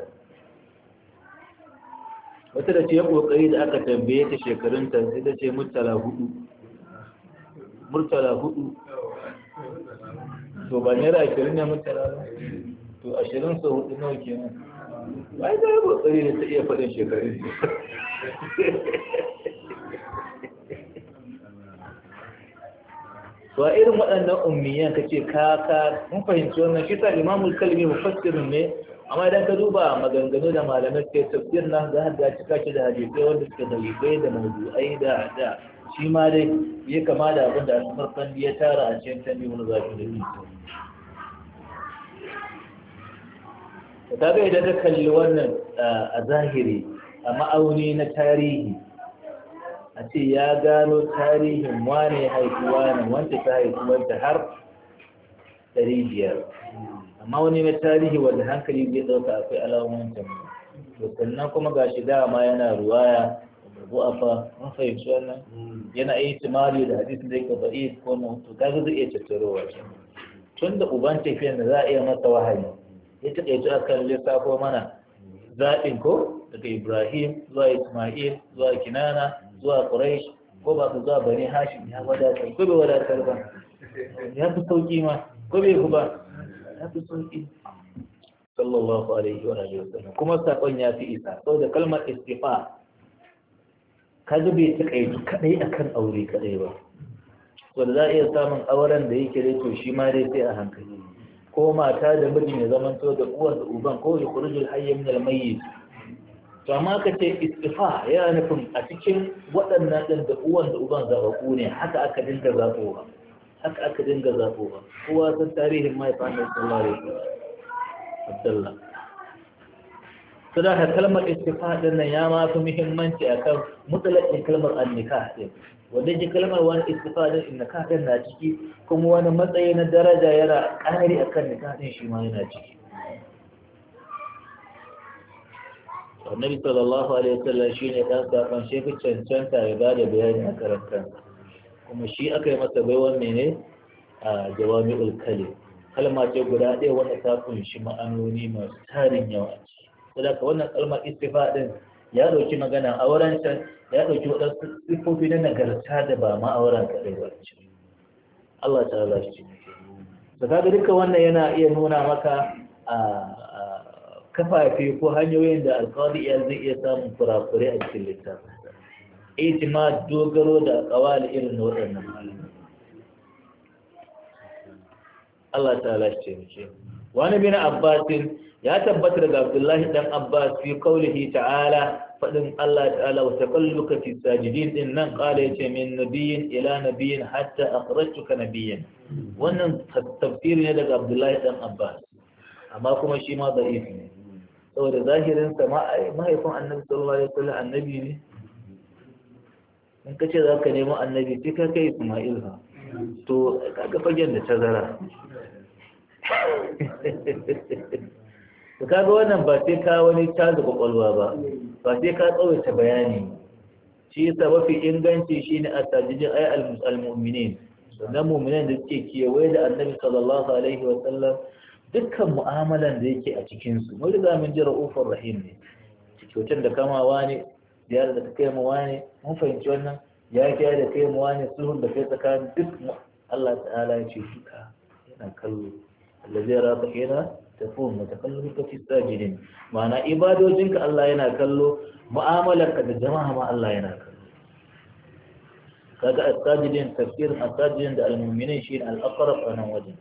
wata da ce kokari da aka tambaye ta shekarunta sai ta ce murtala hudu murtala hudu to ba naira ashirin ne muka rana to ashirin sau hudu nawa kenan bai da yabo tsari ne ta iya faɗin shekaru wa irin waɗannan ummiyan ka ce ka ka? mun fahimci wannan shi sa imamul kalmi mufassirin ne amma idan ka duba maganganu da malamai ke tafsir nan za ga cika shi da hadisai wanda suke dalilai da mawdu'ai da da shi ma dai ya kama da abin da marfan ya tara a cikin can wani zafi da yi ta ga idan ka kalli wannan ah, a zahiri a ma'auni na tarihi a ce ya gano tarihin wane ya haifi wane wanda ta haifi wanda har ɗari biyar amma wani na tarihi wanda hankali zai ɗauka akwai alamomin to sannan kuma ga shi dama yana ruwaya ko fa mun fahimci wannan yana yi timari da hadisin da yake ba'i ko na to kaga zai iya tattarowa tun da uban tafiyan da za a iya masa wahayi ya taƙaitu a kan lissafo mana zaɓin ko daga ibrahim zuwa ismail zuwa kinana zuwa quraish ko ba su zuwa bani hashim ya wadatar ko bai wadatar ba ya fi sauƙi ma ko bai ku ba ya fi sauƙi sallallahu alaihi wa sallam kuma sakon ya fi isa saboda kalmar istifa kaji bai kaɗai a akan aure kaɗai ba wanda za a iya samun auren da yake dai to shi ma dai sai a hankali ko mata da miji ya zaman to da uwar da uban ko ya kurji hayya min almayyit to amma ka ce istifa ya nufin a cikin waɗannan din da uwan da uban ku ne haka aka dinga zaɓowa, haka aka dinga kowa san tarihin mai fa sallallahu alaihi wasallam su da ka kalmar istifa ɗin nan ya ma fi muhimmanci a kan mutsalaƙin kalmar annika ɗin wanda ji kalmar wani istifa ɗin annika ɗin na ciki kuma wani matsayi na daraja yana ƙari a kan nika ɗin shi ma yana ciki annabi sallallahu alaihi wasallam shi ne ɗan saƙon shi fi cancanta ya ba da bayani a karantar kuma shi aka yi masa baiwan mene a jawami'ul kalim kalma ce guda ɗaya wanda ta kunshi ma'anoni masu tarin yawa saboda wannan kalmar istifa din ya dauki magana wurin ta ya dauki wadansu sifofi na nagarta da ba ma auren dai ba Allah ta Allah shi da kaga duka wannan yana iya nuna maka a kafafi ko hanyoyin da alkawari ya zai iya samun kurakure a cikin littafin ijma dogaro da kawali irin waɗannan malamai Allah shi ce wani bin abbasin ya tabbata daga abdullahi dan abbas fi qaulihi ta'ala fadin allah ta'ala wa taqalluka fi sajidin din nan qala yace min nabiyyin ila nabiyyin hatta akhrajtuka nabiyyan wannan tafsiri ne daga abdullahi dan abbas amma kuma shi ma da'if ne saboda zahirin sa mahaifin annabi sallallahu alaihi wasallam annabi ne in kace za ka nemi annabi sai ka kai isma'il ha to kaga fagen da tazara Ka kaga wannan ba sai ka wani canza kwakwalwa ba ba sai ka tsawaita bayani shi yasa mafi inganci ne a sajijin ayi al-mu'minin sannan mu'minan da suke kewaye da annabi sallallahu alaihi wa dukkan mu'amalan da yake a cikinsu. su mun riga mun ji rahim ne cikin da kama ne da kai mu ne mun fahimci wannan ya kiya da kai mu ne sulhun da kai tsakanin duk Allah ta'ala ya ce duka yana kallo allazi yaraka hina tafun mutakallimuka fi sajidin ma'ana ibadojinka Allah yana kallo mu'amalarka da jama'a ma Allah yana kallo kaga as-sajidin tafsirin as-sajidin da al-mu'minin shi al-aqrab anan wajen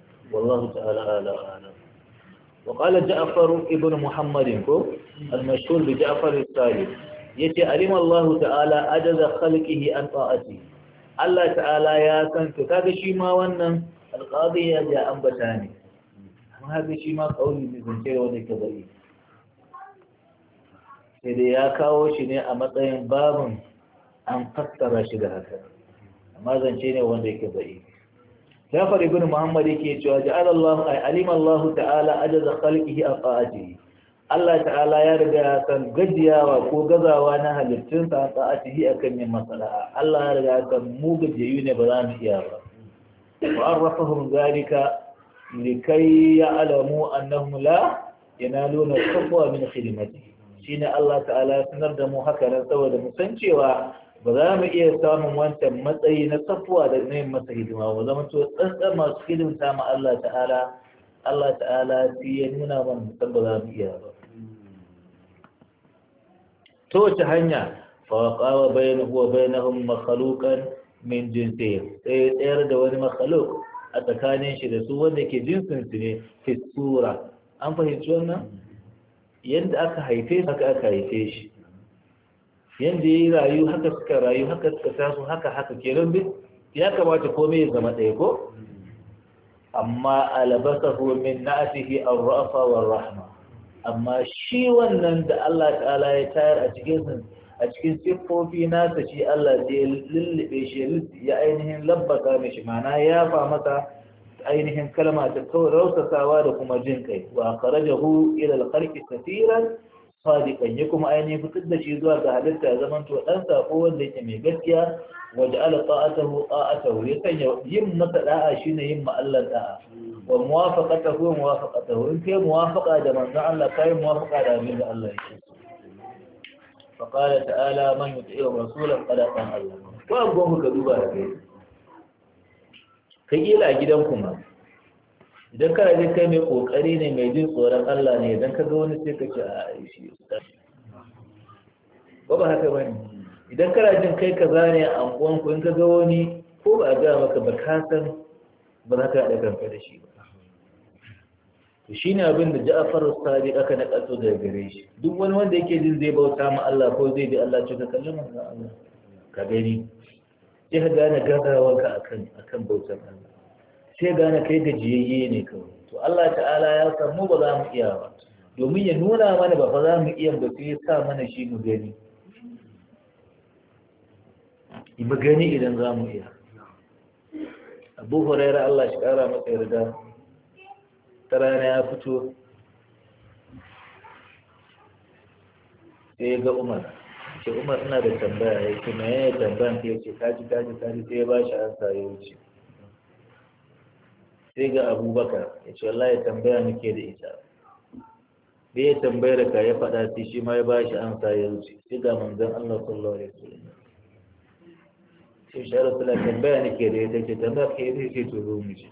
ta'ala ala alam وقال جعفر ابن محمد المشهور بجعفر الثالث يتي علم الله تعالى عجز خلقه عن طاعته Allah ta'ala ya san to kaga shi ma wannan alqadi ya ja ambata ne kuma haka shi ma ƙauni ne zance wanda ke bari sai ya kawo shi ne a matsayin babin an fassara shi da haka amma zance ne wanda yake bari Jafar ibn Muhammad yake cewa ja'ala Allah ay alim Allah ta'ala ajaza khalqihi a Allah ta'ala ya riga ya san gajiyawa ko gazawa na halittun sa a hi akan yin masalaha Allah ya riga ya san mu gajiyu ne ba za mu iya ba wa arrafahum zalika likai ya alamu annahum la yanaluna safwa min khidmati shine Allah ta'ala sanar da mu haka nan saboda mu san cewa ba za mu iya samun wancan matsayi na safwa da nayin masa hidima ba zama to tsantsan masu hidimta ma Allah ta'ala Allah ta'ala shi ya nuna mana san ba za mu iya ba ta wace hanya fawaqawa bainahu wa bainahum makhluqan min jinsihim sai tsayar da wani makhluk a tsakanin shi da su wanda ke jinsin ne fi an fahimci wannan yadda aka haife su haka aka haife shi yadda ya yi rayu haka suka rayu haka suka taso haka haka ke duk ya kamata komai ya zama ɗaya ko amma alabasa min na'atihi ar-ra'fa war-rahma amma shi wannan da Allah ta'ala ya tayar a cikin a cikin siffofi nasa shi Allah da ya lullube shi ya ainihin labbaka mishi mana ya fa masa ainihin kalma ta rausasawa da kuma jin kai wa kharajahu ila al-khalqi kathiran sadiqan ya kuma ainihin fitar da shi zuwa ga halitta ya zama to dan sako wanda yake mai gaskiya wa ja'ala ta'atahu ta'atahu ya sanya yin masa da'a shine yin ma Allah da'a wa muwafaqatahu muwafaqatahu in kai muwafaqa da manzon Allah kai muwafaqa da abin da Allah yake فقال تعالى من يطيع الرسول فقد اطاع Allah, ko an goma ka duba da kai kai kila a gidan kuma idan kana je kai mai kokari ne mai jin tsoron Allah ne idan ka ga wani sai ka ce a shi ba ba haka bane idan kana jin kai kaza ne a anguwan ku in ka ga wani ko ba a ga maka ba ka san ba za ka haɗa kanka da shi ba to ne abin da Ja'far as-Sadiq aka ƙaso daga gare shi duk wani wanda yake jin zai bauta ma Allah ko zai bi Allah to ka kalli manzo Allah ka gani sai ka gane gazawa ka akan akan bautar Allah sai gane kai gajiyayye ne kawai to Allah ta'ala ya san mu ba za mu iya ba domin ya nuna mana ba fa za mu iya ba sai ya sa mana shi mu gani mu gani idan za mu iya Abu Hurairah Allah shi kara masa yarda ta rana ya fito sai ga umar ce umar ina da tambaya ya ce me ya tambayan ta ce kaji kaji kaji sai ya ba shi ansa ya wuce sai ga abubakar ya ce ya tambaya nake da ita da ya tambayar ka ya faɗa sai shi ma ya ba shi ansa ya wuce sai ga manzan Allah sallallahu alaihi wasallam sai shi Allah tambaya nake da ita ce tambaya yi da ce to zo mu je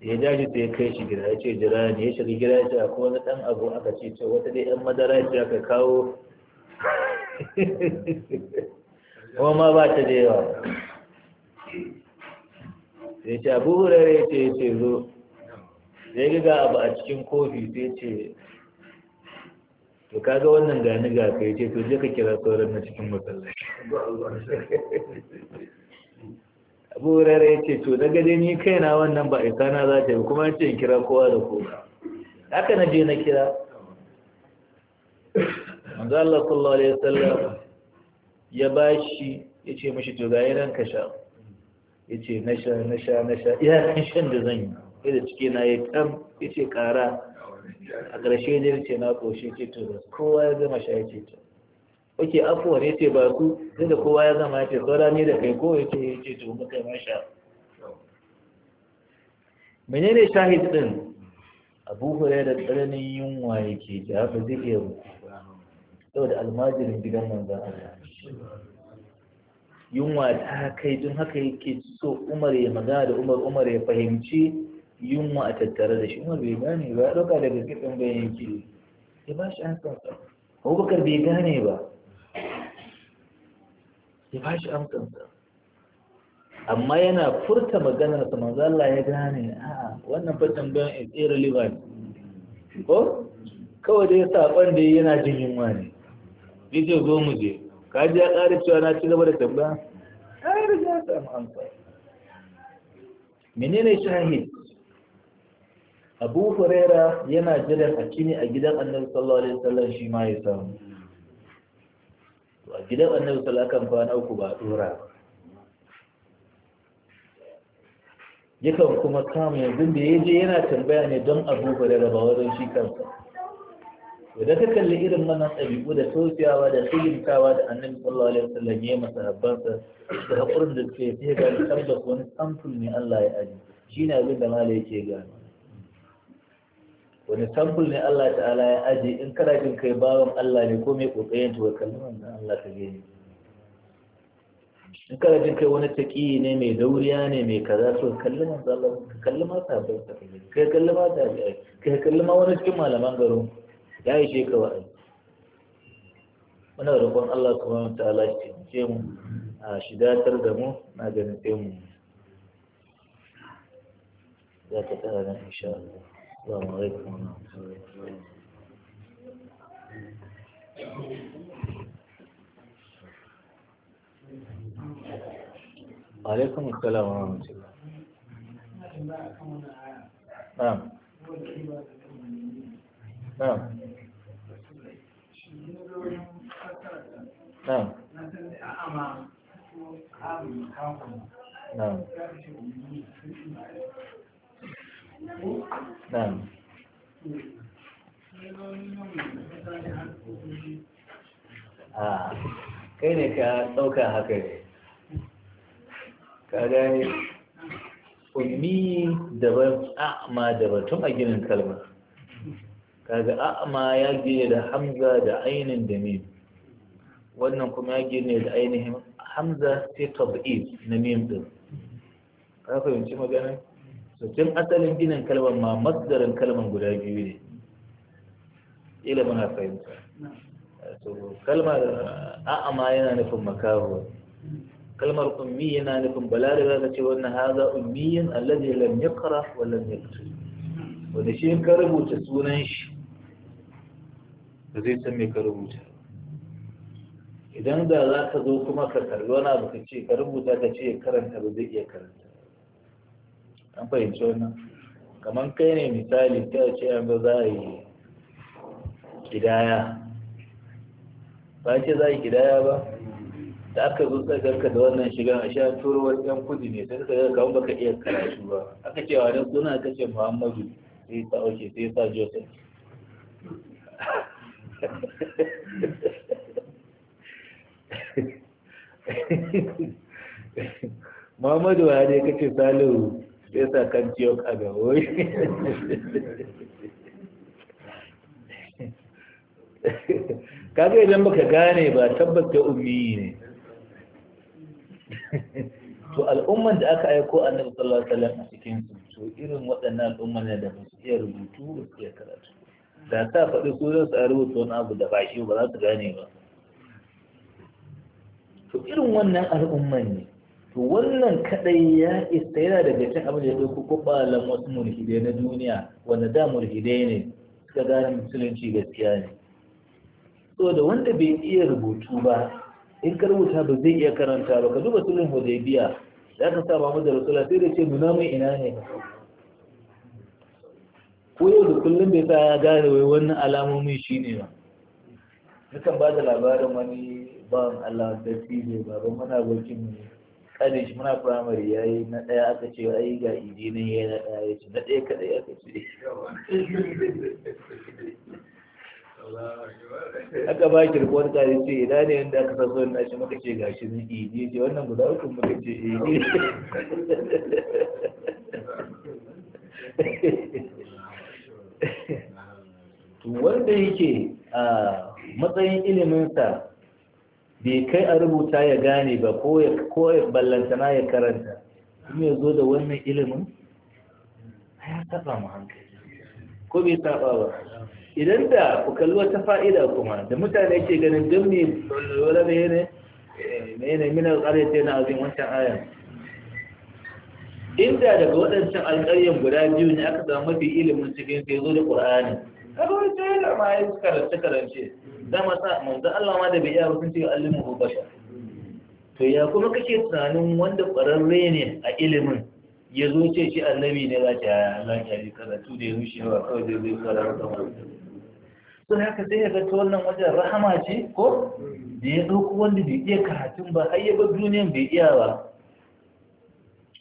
ya ja shi sai kai shi gida ya ce jira ne ya shiga gida ya ce akwai wani ɗan abu aka ce ce wata dai ɗan madara ya ce aka kawo kuma ma ba ta da yawa sai ce abu hurare ya ce ya ce zo ya ga abu a cikin kofi sai ce to kaga wannan gani ga kai ce to je ka kira sauran na cikin masallaci abu yace ya ce to daga dai ni kaina wannan ba isa na za ta yi kuma ce in kira kowa da kowa haka na je na kira manzo Allah sallallahu alaihi wasallam ya bashi ya ce mashi to ga yaran ka sha ya ce na sha na sha na sha ya kan shan da zan yi sai da cike na ya tam ya ce kara a ƙarshe ne ce na koshe ce to kowa ya zama sha ya ce to oke afuwa ne ce ba ku inda kowa ya zama ce saura ne da kai ko ya ce ya ce to maka ma sha ne shahid din abu da tsananin yunwa yake ji haka zai sau da almajirin gidan manzan Allah yunwa ta kai don haka yake so umar ya magana da umar umar ya fahimci yunwa a tattare da shi umar bai gane ba ya ɗauka daga kitsin bayan yake ya ba shi an san sa abubakar bai gane ba ya ba shi amsansa amma yana furta maganar sa manzo Allah ya gane a'a wannan fa tambayan tsere liban ko kawai dai sakon da yana jin yunwa ne yace zo mu je ka ji ya ƙara cewa na ci gaba da tambaya ai da ya samu amsa menene shahid Abu Huraira yana jiran a kini a gidan Annabi sallallahu alaihi wasallam shi ma ya samu wa a gidan annabi salakan kwana uku ba dora ba yakan kuma kama yanzu da ya je yana tambaya ne don abu da ba wajen shi kansa to ka kalli irin wannan ɗabi'u da tosiyawa da sigintawa da annabi sallallahu alaihi wasallam ya masa rabbansa da haƙurin da suke sai ga tabbas wani samfur ne Allah ya aji shi ne abin da mala yake gani. wani sample ne Allah ta'ala ya aji? in kana jin kai bawan Allah ne ko mai kokayen to kalli wannan Allah ka gani in kana jin kai wani taqi ne mai dauriya ne mai kaza to kalli manzo Allah ka kalli ma ba ka gani kai kalli ma tabi'ai kai kalli ma wani cikin malaman garo ya yi sheka wa ai muna rubon Allah subhanahu ta'ala shi ce mu a shidatar da mu na ganin sai mu za ta tsara nan insha Allah Ale'uma sala mama cewa. na'am ah, kai ne ka ɗauka haka ne ka gane ummi daban a'ma daban tun a ginin kalmar kaga a'ma ya gine da hamza da ainin da mim wannan kuma ya gine da ainihin hamza sai tab'id na mim din ka fahimci maganar tun asalin ginin kalmar ma masdarin kalmar guda biyu ne ila muna fahimta to kalmar a'ama yana nufin makaho kalmar ummi yana nufin balare za ka ce wannan haza ummiyin allazi lam yaqra wa lam yaktub wanda shi ka rubuta sunan shi zai san me ka rubuta idan da za ka zo kuma ka karbi wani abu ka ce ka rubuta ka ce karanta ba zai iya karanta an fahimci wannan kamar kai ne misali ta ce an ba za a yi kidaya ba ce za a yi kidaya ba da aka zo tsakarka da wannan shiga a sha turowar yan kudi ne sai ka ga kamar baka iya karatu ba aka ce wani suna aka ce muhammadu sai sa oke sai sa joseph muhammadu wa ne kace salihu sai sa kan ciyo kaga wai kaga idan baka gane ba tabbas ta ummi ne to al'umman da aka aiko annabi sallallahu alaihi wasallam a cikin su to irin waɗannan al'umman da ba su iya rubutu ba su iya karatu da ta faɗi su zan tsari rubuta wani abu da ba shi ba za su gane ba to irin wannan al'umman ne to wannan kadai ya isa yana daga cin abin da ya ɗauko ko ɓalan wasu mulhidai na duniya wanda da mulhidai ne suka gane musulunci gaskiya ne so da wanda bai iya rubutu ba in ka rubuta ba zai iya karanta ba ka duba sulhun hudaybiya da aka sa mu da rasula sai da ce nuna mai ina ne ko yau da kullum bai sa ya gane wai wannan alamomi ne ba Nukan ba da labarin wani bawan Allah da fiye ba mana abokin ne kane shi muna firamare ya yi na ɗaya aka ce ai ga iji e nan ya yi na ɗaya ya ce na ɗaya kaɗai aka ce aka ba ki rikuwar kare ce ina ne yadda aka saso na shi muka ce gashi na iji e ce wannan guda uku muka ce iji e to wanda yake a ah, matsayin iliminsa bai kai a rubuta ya gane ba ko ya ballantana ya karanta kuma ya zo da wannan ilimin ya taɓa mu hankali ko bai taɓa ba idan da ku kalli wata fa'ida kuma da mutane ke ganin don me wala mai ne mai ne minar ta na azin wancan ayan inda daga waɗancan alƙaryan guda biyu ne aka samu mafi ilimin cikin sai zo da ƙur'ani kaga wani sai da ma ya karance karance dama sa manzo Allah ma da bai yaro sun ce alimu bashar to ya kuma kake tunanin wanda kwararre ne a ilimin ya zo ce shi annabi ne za ta Allah ya yi karatu da ya rushe wa kawai zai zai karatu da mutum to haka sai ya ga ta wannan wajen rahama ce ko da ya ɗauko wanda bai iya karatun ba har ya bar duniyan bai iya ba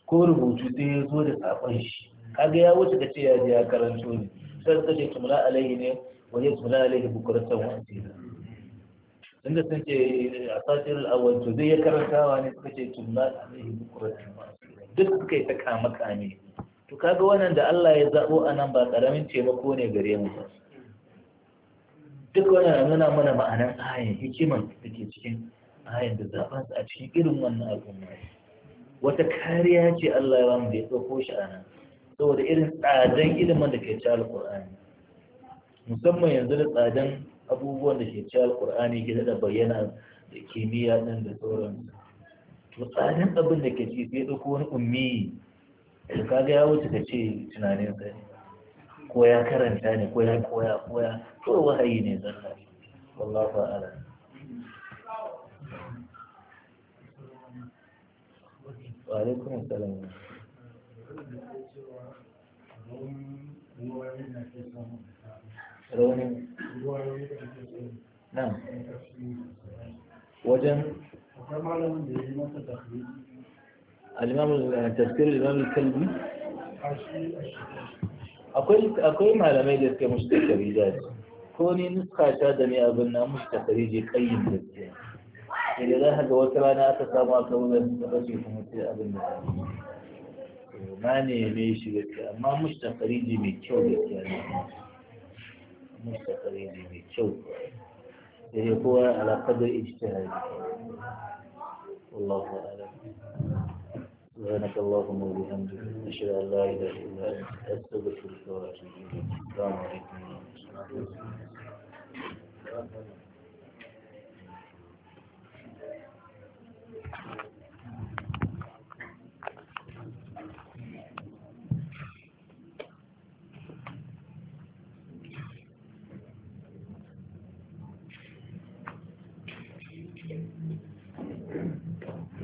ko rubutu sai ya zo da sakon shi kaga ya wuce ka ce ya je ya karanto ne sai ka ce tumla alaihi ne wajen suna alaihi bukuratan wa'ansu inda sun ce a satin al'awar to zai ya karantawa ne suka ce suna alaihi bukuratan wa'ansu duk suka yi ta kama kame to kaga wannan da Allah ya zaɓo a nan ba ƙaramin taimako ne gare mu ba duk wannan nuna mana ma'anar ayin hikiman da ke cikin ayin da zaɓansa a cikin irin wannan al'umma wata kariya ce Allah ya ba mu da ya ɗauko shi a nan saboda irin tsadan ilimin da ke ci alƙur'ani musamman yanzu da tsadan abubuwan da ke cewa alkur'ani ke da bayyana da kimiyya nan da sauransu to tsadan abin da ke ci sai ɗauko wani ummi da kaga ya wuce ka ce tunanin sa ne ko ya karanta ne ko ya koya koya to wahayi ne zalla wallahu a'lam wa alaikum assalam روني نعم وجن الإمام التفسير الإمام الكلبي أقول أقول ما لم يجد كمستشفى جاز كوني نسخة شادة مئة بنا مستشفى يجي قيم بالجاز إذا ذا هذا أنا أتسامع كولا نسخة مستشفى بنا ماني نيمي شيء ما مستشفى يجي مكتوب يعني nisa tsariri mai kyau da ya kowa alaƙadar ijtihadi wallahu سبحانك اللهم وبحمدك أشهد أن لا إله إلا أنت أستغفرك وأتوب إليك السلام عليكم ورحمة الله وبركاته